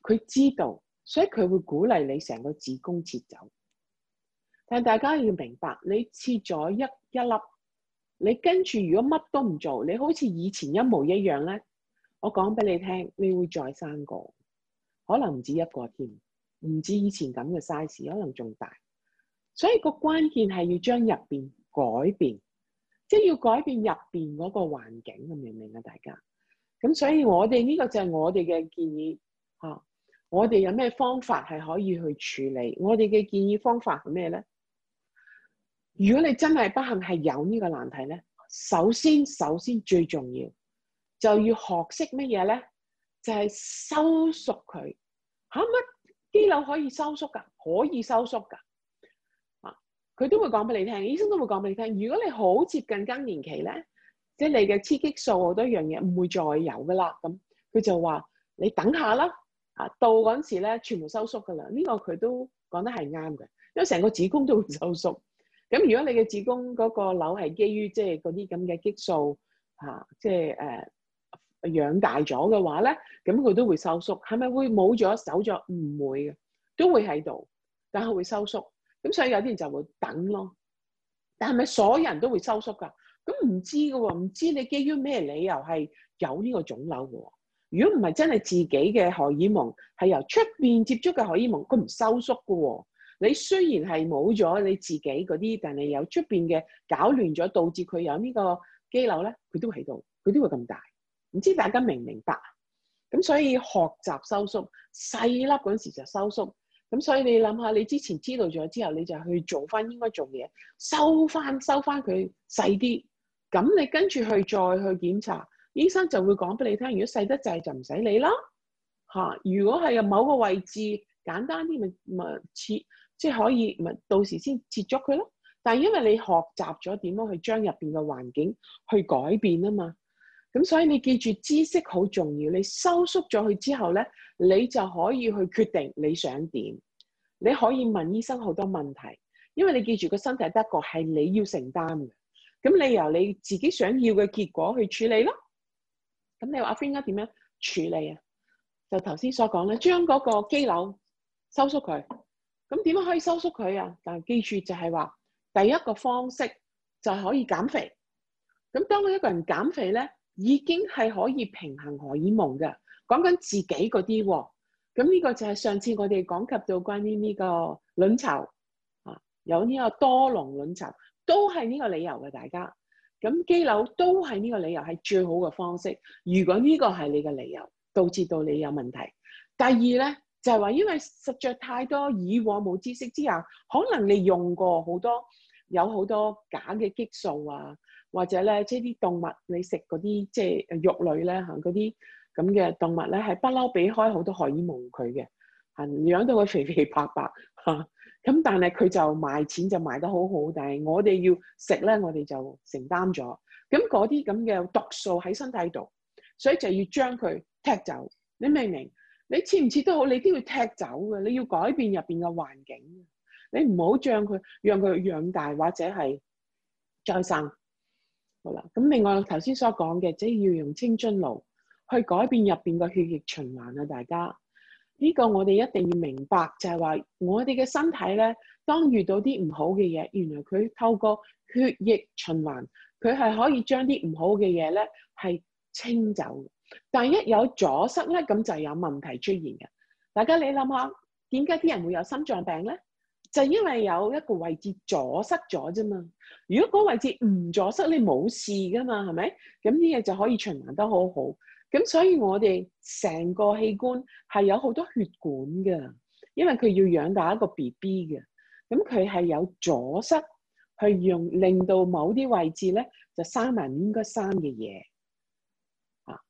佢知道，所以佢會鼓勵你成個子宮切走。但大家要明白，你切咗一一粒，你跟住如果乜都唔做，你好似以前一模一樣咧。我講俾你聽，你會再生個，可能唔止一個添，唔止以前咁嘅 size，可能仲大。所以個關鍵係要將入邊。改變，即係要改變入邊嗰個環境，明唔明啊？大家，咁所以我哋呢、這個就係我哋嘅建議，吓、啊，我哋有咩方法係可以去處理？我哋嘅建議方法係咩咧？如果你真係不幸係有呢個難題咧，首先，首先最重要就要學識乜嘢咧？就係、是、收縮佢，吓、啊、乜？機樓可以收縮噶，可以收縮噶。佢都會講俾你聽，醫生都會講俾你聽。如果你好接近更年期咧，即係你嘅雌激素好多樣嘢唔會再有噶啦。咁佢就話你等下啦，嚇到嗰陣時咧全部收縮噶啦。呢個佢都講得係啱嘅，因為成個子宮都會收縮。咁如果你嘅子宮嗰個瘤係基於即係嗰啲咁嘅激素嚇，即係誒養大咗嘅話咧，咁佢都會收縮。係咪會冇咗走咗？唔會嘅，都會喺度，但係會收縮。咁所以有啲人就會等咯，但係咪所有人都會收縮噶？咁唔知嘅喎，唔知你基於咩理由係有呢個腫瘤嘅。如果唔係真係自己嘅荷爾蒙係由出邊接觸嘅荷爾蒙，佢唔收縮嘅喎。你雖然係冇咗你自己嗰啲，但係有出邊嘅搞亂咗，導致佢有呢個肌瘤咧，佢都喺度，佢都會咁大。唔知大家明唔明白？咁所以學習收縮細粒嗰陣時就收縮。咁所以你諗下，你之前知道咗之後，你就去做翻應該做嘅嘢，收翻收翻佢細啲，咁你跟住去再去檢查，醫生就會講俾你聽，如果細得滯就唔使理啦，嚇！如果係有某個位置簡單啲，咪咪切，即係可以咪到時先切咗佢咯。但係因為你學習咗點樣去將入邊嘅環境去改變啊嘛。咁所以你記住知識好重要，你收縮咗佢之後咧，你就可以去決定你想點。你可以問醫生好多問題，因為你記住個身體得一個係你要承擔嘅。咁你由你自己想要嘅結果去處理咯。咁你話阿芬應該點樣處理啊？就頭先所講咧，將嗰個肌瘤收縮佢。咁點樣可以收縮佢啊？但係記住就係話，第一個方式就係可以減肥。咁當一個人減肥咧。已經係可以平衡荷爾蒙嘅，講緊自己嗰啲喎。咁呢個就係上次我哋講及到關於呢個卵巢啊，有呢個多囊卵巢都係呢個理由嘅。大家咁肌瘤都係呢個理由係最好嘅方式。如果呢個係你嘅理由，導致到你有問題。第二咧就係話，因為實在太多以往冇知識之下，可能你用過好多有好多假嘅激素啊。或者咧，即係啲動物，你食嗰啲即係肉類咧嚇，嗰啲咁嘅動物咧係不嬲俾開好多荷爾蒙佢嘅，嚇養到佢肥肥白白嚇。咁但係佢就賣錢就賣得好好，但係我哋要食咧，我哋就承擔咗。咁嗰啲咁嘅毒素喺身體度，所以就要將佢踢走。你明唔明？你切唔切都好，你都要踢走嘅。你要改變入邊嘅環境，你唔好將佢讓佢養大或者係再生。好啦，咁另外頭先所講嘅，即係要用青春爐去改變入邊個血液循環啊。大家呢、這個我哋一定要明白，就係、是、話我哋嘅身體咧，當遇到啲唔好嘅嘢，原來佢透過血液循環，佢係可以將啲唔好嘅嘢咧係清走。但係一有阻塞咧，咁就有問題出現嘅。大家你諗下，點解啲人會有心臟病咧？就因為有一個位置阻塞咗啫嘛，如果嗰位置唔阻塞，你冇事噶嘛，係咪？咁啲嘢就可以循環得好好。咁所以我哋成個器官係有好多血管嘅，因為佢要養大一個 BB 嘅。咁佢係有阻塞，去用令到某啲位置咧就生埋唔應該生嘅嘢。啊，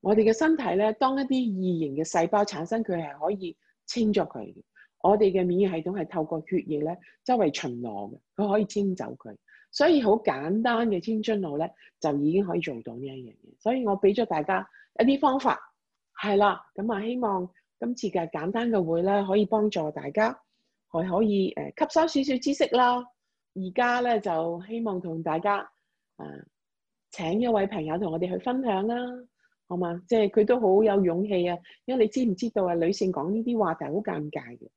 我哋嘅身體咧，當一啲異形嘅細胞產生，佢係可以清咗佢。我哋嘅免疫系統係透過血液咧周圍巡邏嘅，佢可以遷走佢，所以好簡單嘅清樽路咧就已經可以做到呢一樣嘢。所以我俾咗大家一啲方法係啦，咁啊、嗯、希望今次嘅簡單嘅會咧可以幫助大家，係可以誒、呃、吸收少少知識啦。而家咧就希望同大家啊、呃、請一位朋友同我哋去分享啦，好嘛？即係佢都好有勇氣啊，因為你知唔知道啊？女性講呢啲話題好尷尬嘅。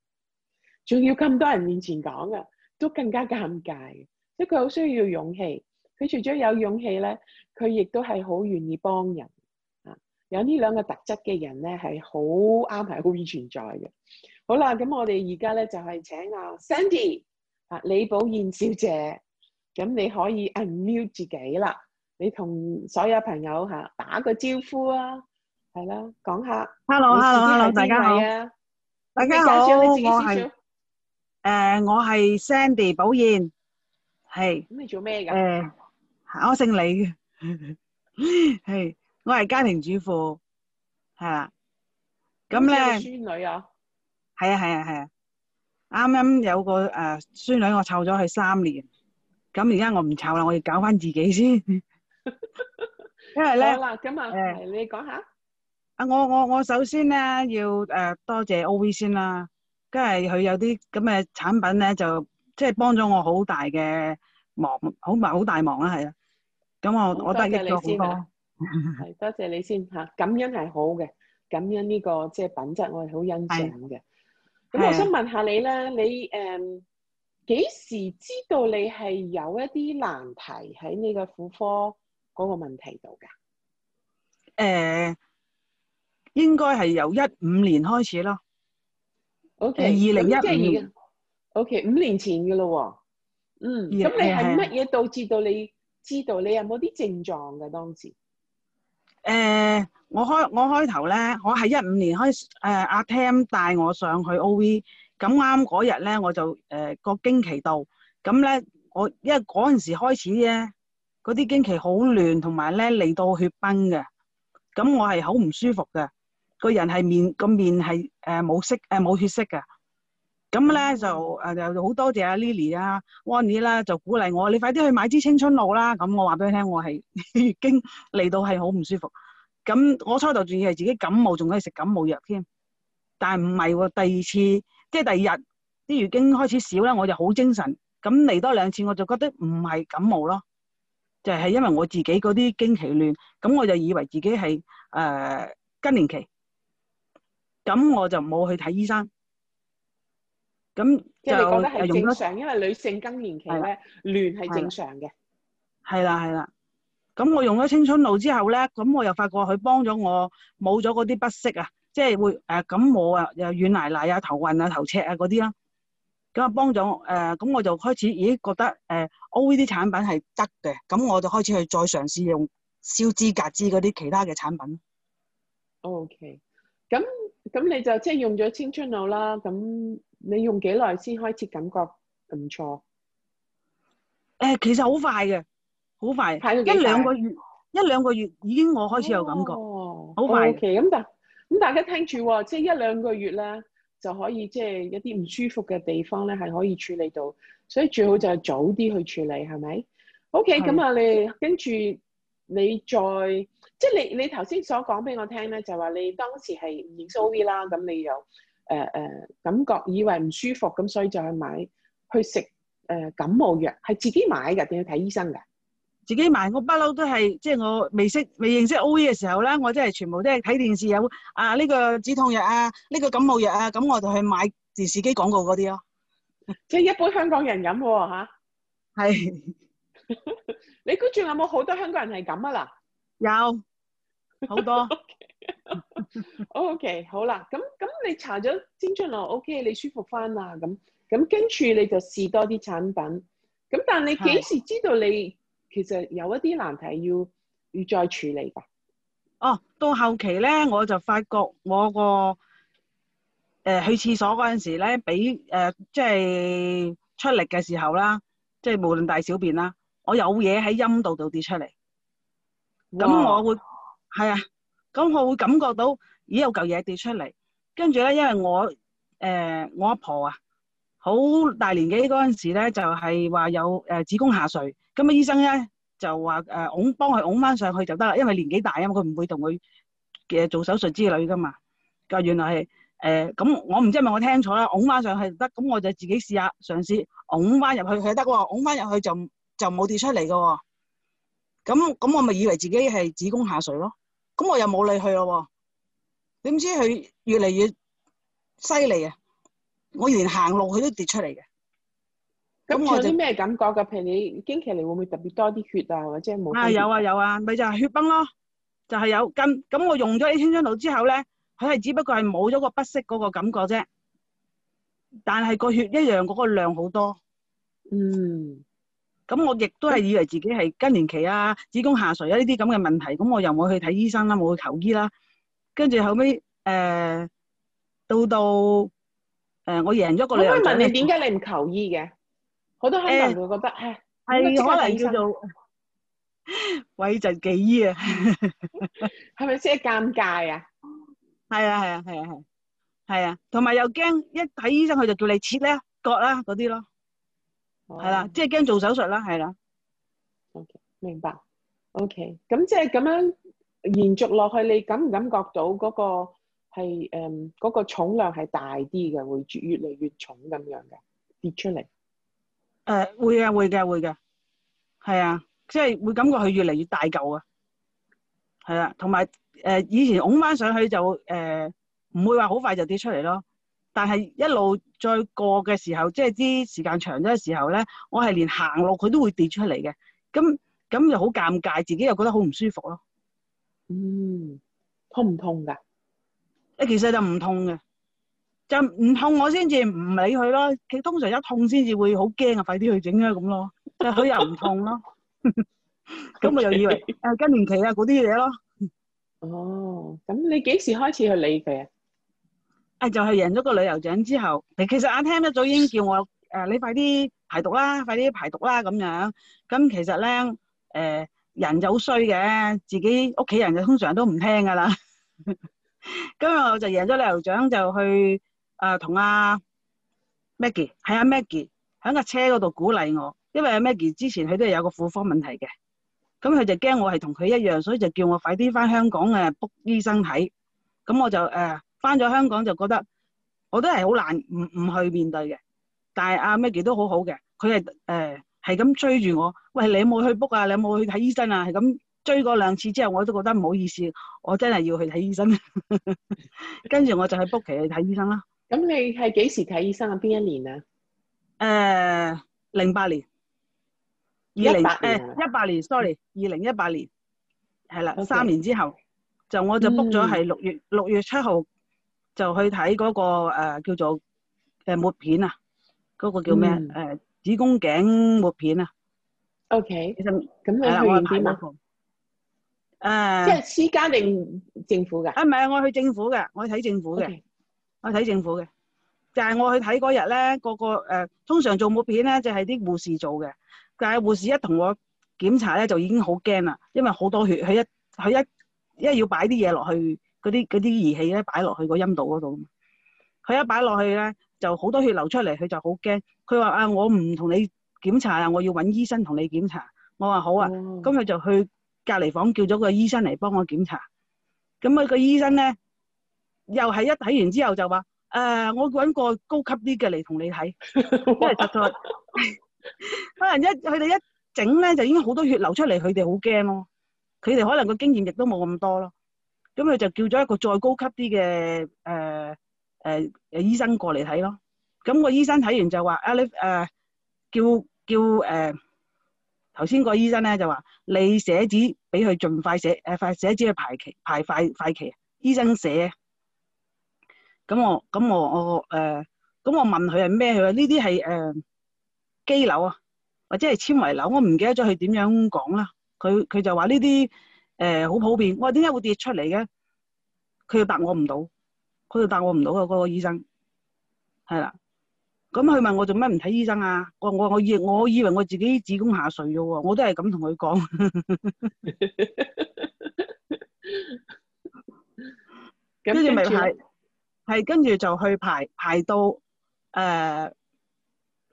仲要咁多人面前講啊，都更加尷尬。即係佢好需要勇氣。佢除咗有勇氣咧，佢亦都係好願意幫人。啊，有呢兩個特質嘅人咧，係好啱排普遍存在嘅。好啦，咁我哋而家咧就係、是、請阿 Sandy 啊，李寶燕小姐。咁你可以 unmute 自己啦。你同所有朋友嚇、啊、打個招呼啊，係啦，講一下。Hello，hello，hello，、啊、hello, hello, hello, 大家好。大家好，hello, 誒，我係 Sandy 寶燕，係。咁你做咩㗎？誒，我姓李嘅，係，我係家庭主婦，係啦。咁咧，孫女啊？係啊係啊係啊，啱啱有個誒孫女，我湊咗佢三年，咁而家我唔湊啦，我要搞返自己先。因為咧，咁啊，你講下。啊，我我我首先咧要誒多謝 O V 先啦。咁係佢有啲咁嘅產品咧，就即係、就是、幫咗我好大嘅忙，好好大忙啊。係啊，咁我我多謝你先。係多謝你先吓、啊 [laughs] 啊，感恩係好嘅，感恩呢、這個即係、就是、品質，我係好欣賞嘅。咁我想問下你咧，你誒幾、嗯、時知道你係有一啲難題喺呢個婦科嗰個問題度㗎？誒、呃，應該係由一五年開始咯。O K，二零一五年，O K，五年前嘅咯喎，嗯，咁你係乜嘢導致到你知道？你有冇啲症狀嘅當時？誒、呃，我開我開頭咧，我係一五年開誒，阿 Tam 帶我上去 O V，咁啱嗰日咧，我就誒個經期到，咁咧我因為嗰陣時開始啫，嗰啲經期好亂，同埋咧嚟到血崩嘅，咁我係好唔舒服嘅。個人係面個面係誒冇色誒冇血色嘅，咁咧就誒又好多謝阿 Lily 啦、Annie 啦，就鼓勵我，你快啲去買支青春露啦。咁我話俾佢聽，我係月經嚟到係好唔舒服。咁我初頭仲以為自己感冒，仲可以食感冒藥添。但係唔係喎，第二次即係第二日啲月經開始少咧，我就好精神。咁嚟多兩次我就覺得唔係感冒咯，就係因為我自己嗰啲經期亂，咁我就以為自己係誒更年期。咁我就冇去睇醫生，咁即係你覺得係正常，因為女性更年期咧亂係正常嘅，係啦係啦。咁我用咗青春露之後咧，咁我又發覺佢幫咗我冇咗嗰啲不適啊，即係會誒咁、呃、我啊又軟奶奶啊、頭暈啊、頭赤啊嗰啲啦，咁啊幫咗我誒，咁、呃、我就開始咦覺得誒、呃、O，呢啲產品係得嘅，咁我就開始去再嘗試用燒脂、隔脂嗰啲其他嘅產品。O K，咁。咁你就即係用咗青春露啦，咁你用幾耐先開始感覺唔錯？誒，其實好快嘅，好快，快，一兩個月，一兩個月已經我開始有感覺，哦，好快。OK，咁就咁大家聽住喎，即係一兩個月咧就可以即係一啲唔舒服嘅地方咧係可以處理到，所以最好就係早啲去處理，係咪？O K，咁啊，你跟住你再。即係你你頭先所講俾我聽咧，就話你當時係唔認識 ov 啦，咁你又誒誒感覺以為唔舒服咁，所以就去買去食誒、呃、感冒藥，係自己買嘅定要睇醫生嘅？自己買，我不嬲都係，即、就、係、是、我未識未認識 ov 嘅時候咧，我真係全部都係睇電視有啊呢、這個止痛藥啊，呢、這個感冒藥啊，咁我就去買電視機廣告嗰啲咯。即、就、係、是、一般香港人飲喎、啊、嚇。係 [laughs] [laughs] 你估住有冇好多香港人係咁啊嗱？有。好很多 [laughs] okay, [laughs] ，OK，好啦，咁咁你查咗精出嚟，OK，你舒服翻啦，咁咁跟住你就試多啲產品，咁但係你幾時知道你 [laughs] 其實有一啲難題要要再處理噶？哦，到後期咧，我就發覺我、那個誒、呃、去廁所嗰陣時咧，俾誒即係出力嘅時候啦，即、就、係、是、無論大小便啦，我有嘢喺陰道度跌出嚟，咁、哦、我會。係啊，咁我會感覺到已有嚿嘢跌出嚟，跟住咧，因為我誒、呃、我阿婆啊好大年紀嗰陣時咧就係、是、話有誒、呃、子宮下垂，咁啊醫生咧就話誒幫佢拱翻上去就得啦，因為年紀大啊嘛，佢唔會同佢嘅做手術之類噶嘛。咁原來係誒咁我唔知係咪我聽錯啦，拱翻上去得，咁我就自己試下嘗試拱翻入去佢得喎，拱翻入去就去就冇跌出嚟噶。咁咁我咪以為自己係子宮下垂咯。咁我又冇理去咯喎，點知佢越嚟越犀利啊！我連行路佢都跌出嚟嘅。咁我有啲咩感覺㗎？譬如你經期嚟會唔會特別多啲血啊？或者冇？啊有啊有啊，咪就係血崩咯，就係有咁咁。我用咗啲輕傷路之後咧，佢係只不過係冇咗個不適嗰個感覺啫，但係個血一樣嗰個量好多。嗯。咁我亦都係以為自己係更年期啊、子宮下垂啊呢啲咁嘅問題，咁我又冇去睇醫生啦，冇去求醫啦。跟住後尾誒到到誒我贏咗個女。好多人問你點解你唔求醫嘅？好多香港人會覺得嚇，係可能要做諱疾忌醫啊？係咪先係尷尬啊？係啊係啊係啊係，係啊，同埋又驚一睇醫生佢就叫你切咧割啦嗰啲咯。係啦，即係驚做手術啦，係啦。OK，明白。O K，咁即係咁樣延續落去，你感唔感覺到嗰個係誒嗰個重量係大啲嘅，會越嚟越重咁樣嘅跌出嚟？誒，會嘅，會嘅，會嘅，係啊，即係會感覺佢越嚟越大舊啊。係啊，同埋誒，以前拱翻上去就誒唔會話好快就跌出嚟咯。但係一路再過嘅時候，即係啲時間長咗嘅時候咧，我係連行路佢都會跌出嚟嘅。咁咁又好尷尬，自己又覺得好唔舒服咯。嗯，痛唔痛㗎？誒，其實就唔痛嘅，就唔痛我先至唔理佢咯。佢通常一痛先至會好驚啊，快啲去整啊咁咯。但佢又唔痛咯，咁 [laughs] [laughs] 我就以為誒更、Okay. 啊、年期啊嗰啲嘢咯。哦，咁你幾時開始去理佢啊？就係、是、贏咗個旅遊獎之後，其實眼聽得早已經叫我、呃、你快啲排毒啦，快啲排毒啦咁樣。咁其實咧、呃，人就好衰嘅，自己屋企人就通常都唔聽噶啦。咁啊，我就贏咗旅遊獎就去誒同阿 Maggie，係阿、啊、Maggie 喺架車嗰度鼓勵我，因為阿、啊、Maggie 之前佢都係有個婦科問題嘅，咁佢就驚我係同佢一樣，所以就叫我快啲翻香港嘅 book、呃、醫生睇。咁我就誒。呃翻咗香港就覺得我都係好難唔唔去面對嘅，但係阿、啊、Maggie 都很好好嘅，佢係誒係咁追住我，喂，你有冇去 book 啊？你有冇去睇醫生啊？係咁追過兩次之後，我都覺得唔好意思，我真係要去睇醫生。跟 [laughs] 住我就去 book，其去睇醫生啦。咁你係幾時睇醫生啊？邊一年啊？誒、呃，零八年，二零誒一八年，sorry，二零一八年，係啦，三、okay. 年之後就我就 book 咗係六月六、嗯、月七號。就去睇嗰、那個誒、呃、叫做誒、呃、抹片啊，嗰、那個叫咩誒、嗯呃、子宮頸抹片啊。O K。其實咁你去完邊一個？誒、呃。即係私家定政府噶？啊唔係，我去政府嘅，我去睇政府嘅，okay. 我睇政府嘅。就係、是、我去睇嗰日咧，個個誒、呃、通常做抹片咧就係啲護士做嘅。但係護士一同我檢查咧就已經好驚啦，因為好多血，佢一佢一因為要擺啲嘢落去。嗰啲嗰啲儀器咧，擺落去個陰道嗰度。佢一擺落去咧，就好多血流出嚟，佢就好驚。佢話啊，我唔同你檢查啊，我要揾醫生同你檢查。我話好啊，咁、嗯、佢就去隔籬房叫咗個醫生嚟幫我檢查。咁啊，個醫生咧又係一睇完之後就話，誒、呃，我揾個高級啲嘅嚟同你睇，因為實在可能一佢哋一整咧，就已經好多血流出嚟，佢哋好驚咯。佢哋可能個經驗亦都冇咁多咯。咁佢就叫咗一個再高級啲嘅誒誒誒醫生過嚟睇咯。咁個醫生睇完就話：啊你誒、呃、叫叫誒，頭先個醫生咧就話你寫紙俾佢盡快寫誒，快寫紙去排期排快快期。醫生寫。咁我咁我我誒，咁我問佢係咩？佢話呢啲係誒肌瘤啊，或者係纖維瘤。我唔記得咗佢點樣講啦。佢佢就話呢啲。誒、呃，好普遍。哎、我話點解會跌出嚟嘅？佢又答我唔到，佢又答我唔到啊！嗰個醫生係啦。咁佢問我做咩唔睇醫生啊？我我我以我以為我自己子宮下垂咋喎，我都係咁同佢講。跟住咪排，係跟住就去排，排到誒誒、呃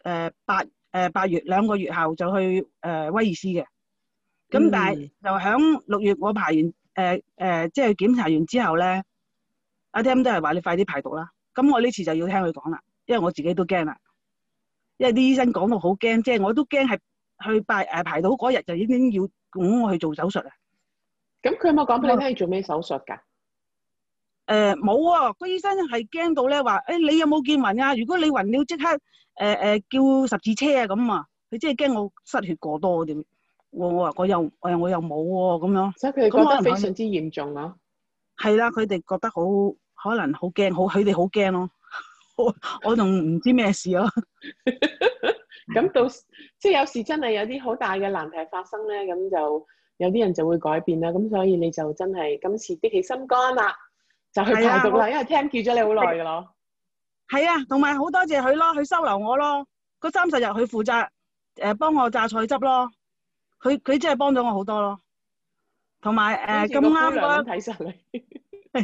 呃、八誒、呃、八月兩個月後就去誒、呃、威爾斯嘅。咁、嗯、但係就喺六月我排完，誒、呃、誒、呃，即係檢查完之後咧，阿 Tam 都係話你快啲排毒啦。咁我呢次就要聽佢講啦，因為我自己都驚啦，因為啲醫生講到好驚，即、就、係、是、我都驚係去排誒排到嗰日就已經要咁我去做手術啦。咁佢有冇講俾你聽做咩手術噶？誒、呃，冇啊，個醫生係驚到咧話，誒、哎，你有冇見暈啊？如果你暈，你即刻誒誒、呃、叫十字車啊咁啊！佢真係驚我失血過多點。我我話我又誒我又冇喎，咁樣，所以佢哋覺得非常之嚴重咯、啊。係啦，佢哋、啊、覺得好可能好驚，好佢哋好驚咯。我仲唔知咩事咯、啊。咁 [laughs] [laughs] [laughs] 到即係有時真係有啲好大嘅難題發生咧，咁就有啲人就會改變啦。咁所以你就真係今次激起心肝啦，就去排毒啦、啊。因為聽叫咗你好耐噶咯。係啊，同埋好多謝佢咯，佢收留我咯。嗰三十日佢負責誒幫、呃、我榨菜汁咯。佢佢真係幫咗我好多咯，同埋誒咁啱嗰，睇、呃、實、啊、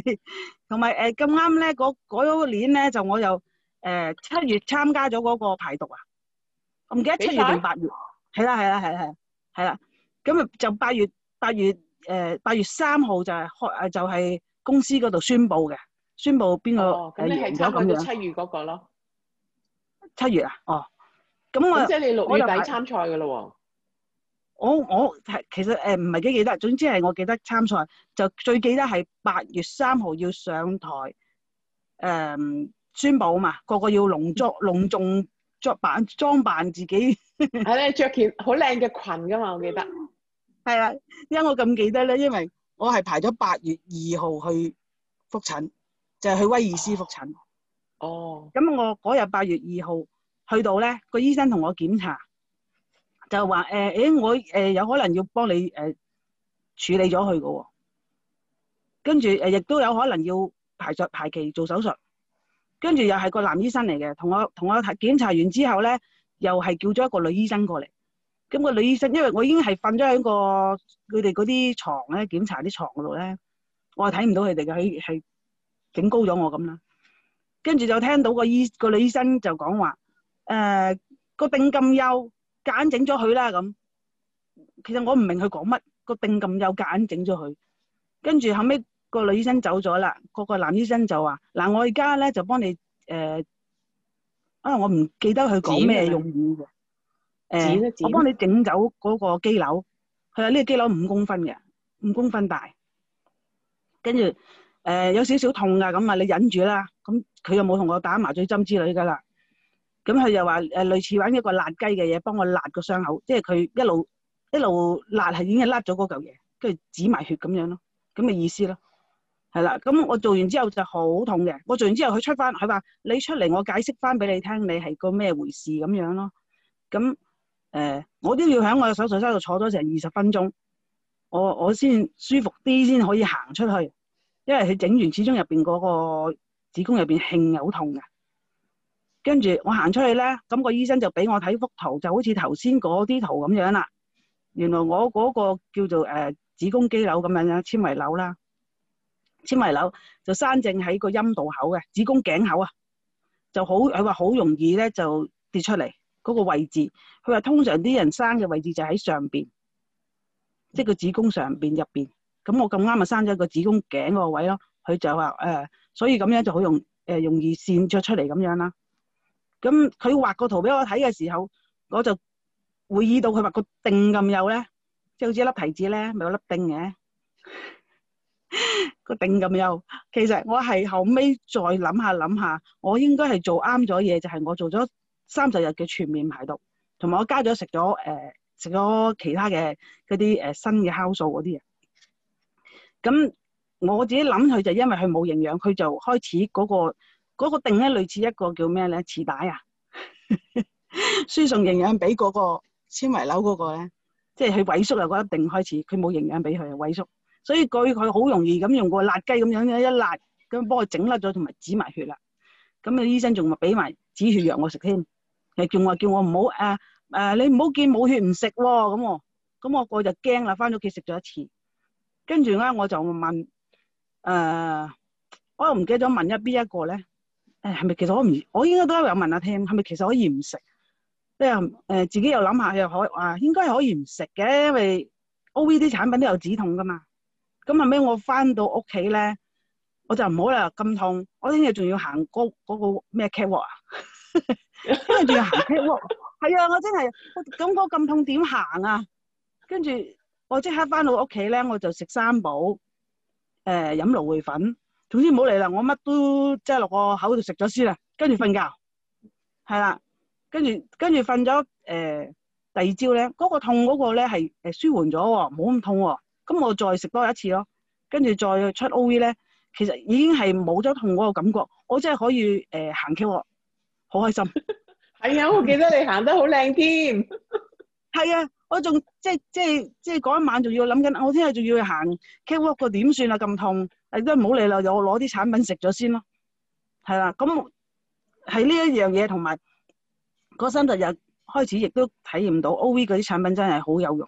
你，同埋誒咁啱咧，嗰、呃、一、那個、年咧就我又誒七月參加咗嗰個排毒啊，我唔記得七月定八月，係啦係啦係係係啦，咁啊就八月八月誒八、呃、月三號就係開誒就係、是、公司嗰度宣布嘅，宣布邊、哦哦、個誒如果咁樣，七月嗰個咯，七月啊，哦，咁我，即係你六月底參賽噶咯喎。我我係其實誒唔係幾記得，總之係我記得參賽就最記得係八月三號要上台誒、呃、宣布啊嘛，個個要隆重隆重裝扮裝扮自己，係咧着條好靚嘅裙噶嘛，我記得係啊，因為我咁記得咧，因為我係排咗八月二號去複診，就係、是、去威爾斯複診。哦，咁我嗰日八月二號去到咧，個醫生同我檢查。就話誒誒，我誒、呃、有可能要幫你誒、呃、處理咗佢嘅。跟住誒亦都有可能要排術排期做手術，跟住又係個男醫生嚟嘅，同我同我檢查完之後咧，又係叫咗一個女醫生過嚟，咁、那個女醫生因為我已經係瞓咗喺個佢哋嗰啲床咧，檢查啲床嗰度咧，我係睇唔到佢哋嘅，係係警告咗我咁啦，跟住就聽到個醫個女醫生就講話誒個定金優。夾硬整咗佢啦咁，其實我唔明佢講乜個定咁又夾硬整咗佢，跟住後尾個女醫生走咗啦，個個男醫生就話嗱我而家咧就幫你誒，啊我唔記得佢講咩用語嘅，誒我幫你整走嗰個肌瘤，佢話呢個肌瘤五公分嘅，五公分大，跟住誒有少少痛噶咁啊，你忍住啦，咁佢又冇同我打麻醉針之類噶啦。咁佢又話誒類似玩一個辣雞嘅嘢，幫我辣個傷口，即係佢一路一路辣係已經甩咗嗰嚿嘢，跟住止埋血咁樣咯，咁嘅意思咯，係啦。咁我做完之後就好痛嘅，我做完之後佢出翻，佢話你出嚟，我解釋翻俾你聽你，你係個咩回事咁樣咯。咁誒、呃，我都要喺我嘅手術室度坐咗成二十分鐘，我我先舒服啲先可以行出去，因為佢整完始終入面嗰個子宮入邊興好痛嘅。跟住我行出去咧，咁、那個醫生就俾我睇幅圖，就好似頭先嗰啲圖咁樣啦。原來我嗰個叫做誒、呃、子宮肌瘤咁樣樣，纖維瘤啦，纖維瘤就生正喺個陰道口嘅，子宮頸口啊，就好佢話好容易咧就跌出嚟嗰、那個位置。佢話通常啲人生嘅位置就喺上邊，即、就、係、是、個子宮上邊入邊。咁我咁啱啊生咗個子宮頸嗰個位咯，佢就話誒、呃，所以咁樣就好容誒、呃、容易線著出嚟咁樣啦。咁佢畫個圖俾我睇嘅時候，我就會意到佢畫個定咁幼咧，即係好似一粒提子咧，咪有粒定嘅個定咁幼。其實我係後尾再諗下諗下，我應該係做啱咗嘢，就係我做咗三十日嘅全面排毒，同埋我加咗食咗誒食咗其他嘅嗰啲誒新嘅酵素嗰啲嘢。咁我自己諗佢就因為佢冇營養，佢就開始嗰個。嗰、那個定咧類似一個叫咩咧？臍帶啊， [laughs] 輸送營養俾嗰、那個纖維瘤嗰個咧，即係佢萎縮啊！嗰粒定開始佢冇營養俾佢啊，萎縮，所以佢佢好容易咁用個辣雞咁樣一辣咁幫佢整甩咗，同埋止埋血啦。咁啊，醫生仲話俾埋止血藥我食添，係仲話叫我唔好誒誒，你唔好見冇血唔食喎，咁咁我我就驚啦，翻咗屋企食咗一次，跟住咧我就問誒、呃，我又唔記得咗問一邊一個咧。誒，係咪其實我唔，我應該都有一問下聽，係咪其實可以唔食？即係誒，自己又諗下，又可啊，應該可以唔食嘅，因為 O V 啲產品都有止痛噶嘛。咁後尾我翻到屋企咧，我就唔好啦，咁痛，我聽日仲要行嗰嗰個咩 catwalk 啊，跟住行 catwalk，係啊，我真係，感覺咁痛點行啊？跟住我即刻翻到屋企咧，我就食三寶，誒、呃，飲蘆薈粉。總之唔好嚟啦，我乜都即係落個口度食咗先啦，跟住瞓覺，係啦，跟住跟住瞓咗，誒第二朝咧，嗰個痛嗰個咧係誒舒緩咗，冇咁痛，咁我再食多一次咯，跟住再出 O V 咧，其實已經係冇咗痛嗰個感覺，我真係可以誒行 Q，好開心。係啊，我記得你行得好靚添，係啊。我仲即係即係即係嗰一晚，仲要諗緊，我聽日仲要去行 catwalk 個點算啦？咁痛，誒都唔好嚟啦，有我攞啲產品食咗先咯，係啦。咁喺呢一樣嘢同埋嗰三十日開始，亦都體驗到 OV 嗰啲產品真係好有用，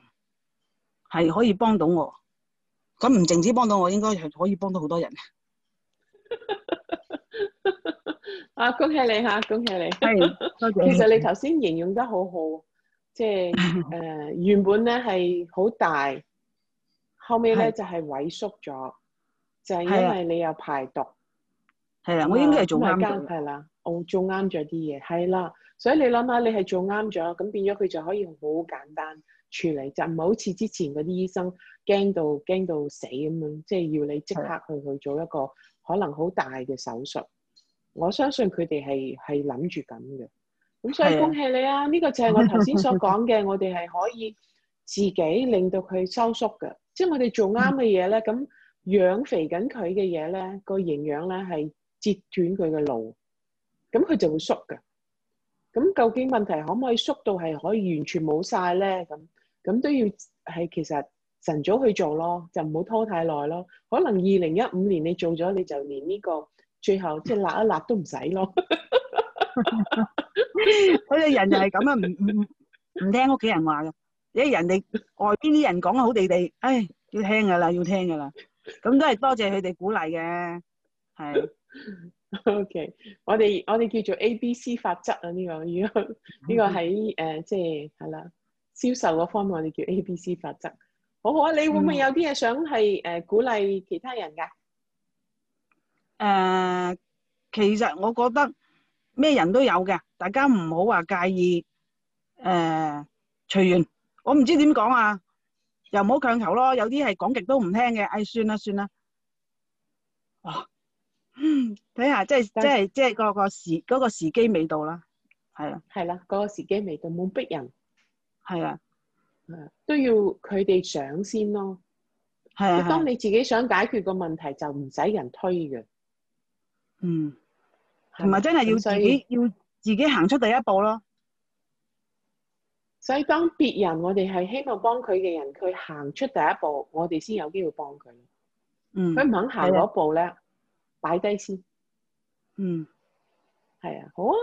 係可以幫到我。咁唔淨止幫到我，應該係可以幫到好多人 [laughs] 啊。啊！恭喜你吓，恭喜你。係多謝。 [laughs] 其實你頭先形容得好好。即係誒、呃，原本咧係好大，後尾咧就係萎縮咗，就係、係就係、因為你有排毒，係啊、嗯，我應該係做啱咗，係啦，我、哦、做啱咗啲嘢，係啦，所以你諗下，你係做啱咗，咁變咗佢就可以好簡單處理，就唔係好似之前嗰啲醫生驚到驚到死咁樣，即、就、係、係、要你即刻去去做一個可能好大嘅手術。我相信佢哋係係諗住咁嘅。咁所以恭喜你啊！呢個就係我頭先所講嘅，我哋係可以自己令到佢收縮嘅。即係我哋做啱嘅嘢咧，咁養肥緊佢嘅嘢咧，個營養咧係截斷佢嘅路，咁佢就會縮嘅。咁究竟問題可唔可以縮到係可以完全冇晒咧？咁咁都要係其實晨早去做咯，就唔好拖太耐咯。可能二零一五年你做咗，你就連呢個最後即係辣一辣都唔使咯。佢 [laughs] 哋 [laughs] 人就係咁啊，唔唔唔聽屋企人話嘅，而係人哋外邊啲人講得好地地，唉，要聽噶啦，要聽噶啦，咁都係多謝佢哋鼓勵嘅，係。OK，我哋我哋叫做 A B C 法則啊，呢、這個如果呢、這個喺誒即係係啦，銷、呃就是、售嗰方面我哋叫 A B C 法則。好好啊，你會唔會有啲嘢想係誒鼓勵其他人噶？誒、嗯呃，其實我覺得。咩人都有嘅，大家唔好話介意，誒、呃、隨緣。我唔知點講啊，又唔好強求咯。有啲係講極都唔聽嘅，唉、哎，算啦算啦。哇、哦，睇、嗯、下即係即係即係個個時嗰、那個時機未到啦，係啦，係啦，嗰、那個時機未到，冇逼人，係啦，誒、呃、都要佢哋想先咯。係啊，當你自己想解決個問題，就唔使人推嘅。嗯。同埋真係要自己要自己行出第一步咯，所以當別人，我哋係希望幫佢嘅人，佢行出第一步，我哋先有機會幫佢。嗯，佢唔肯行嗰步咧，擺低先。嗯，係啊，好啊。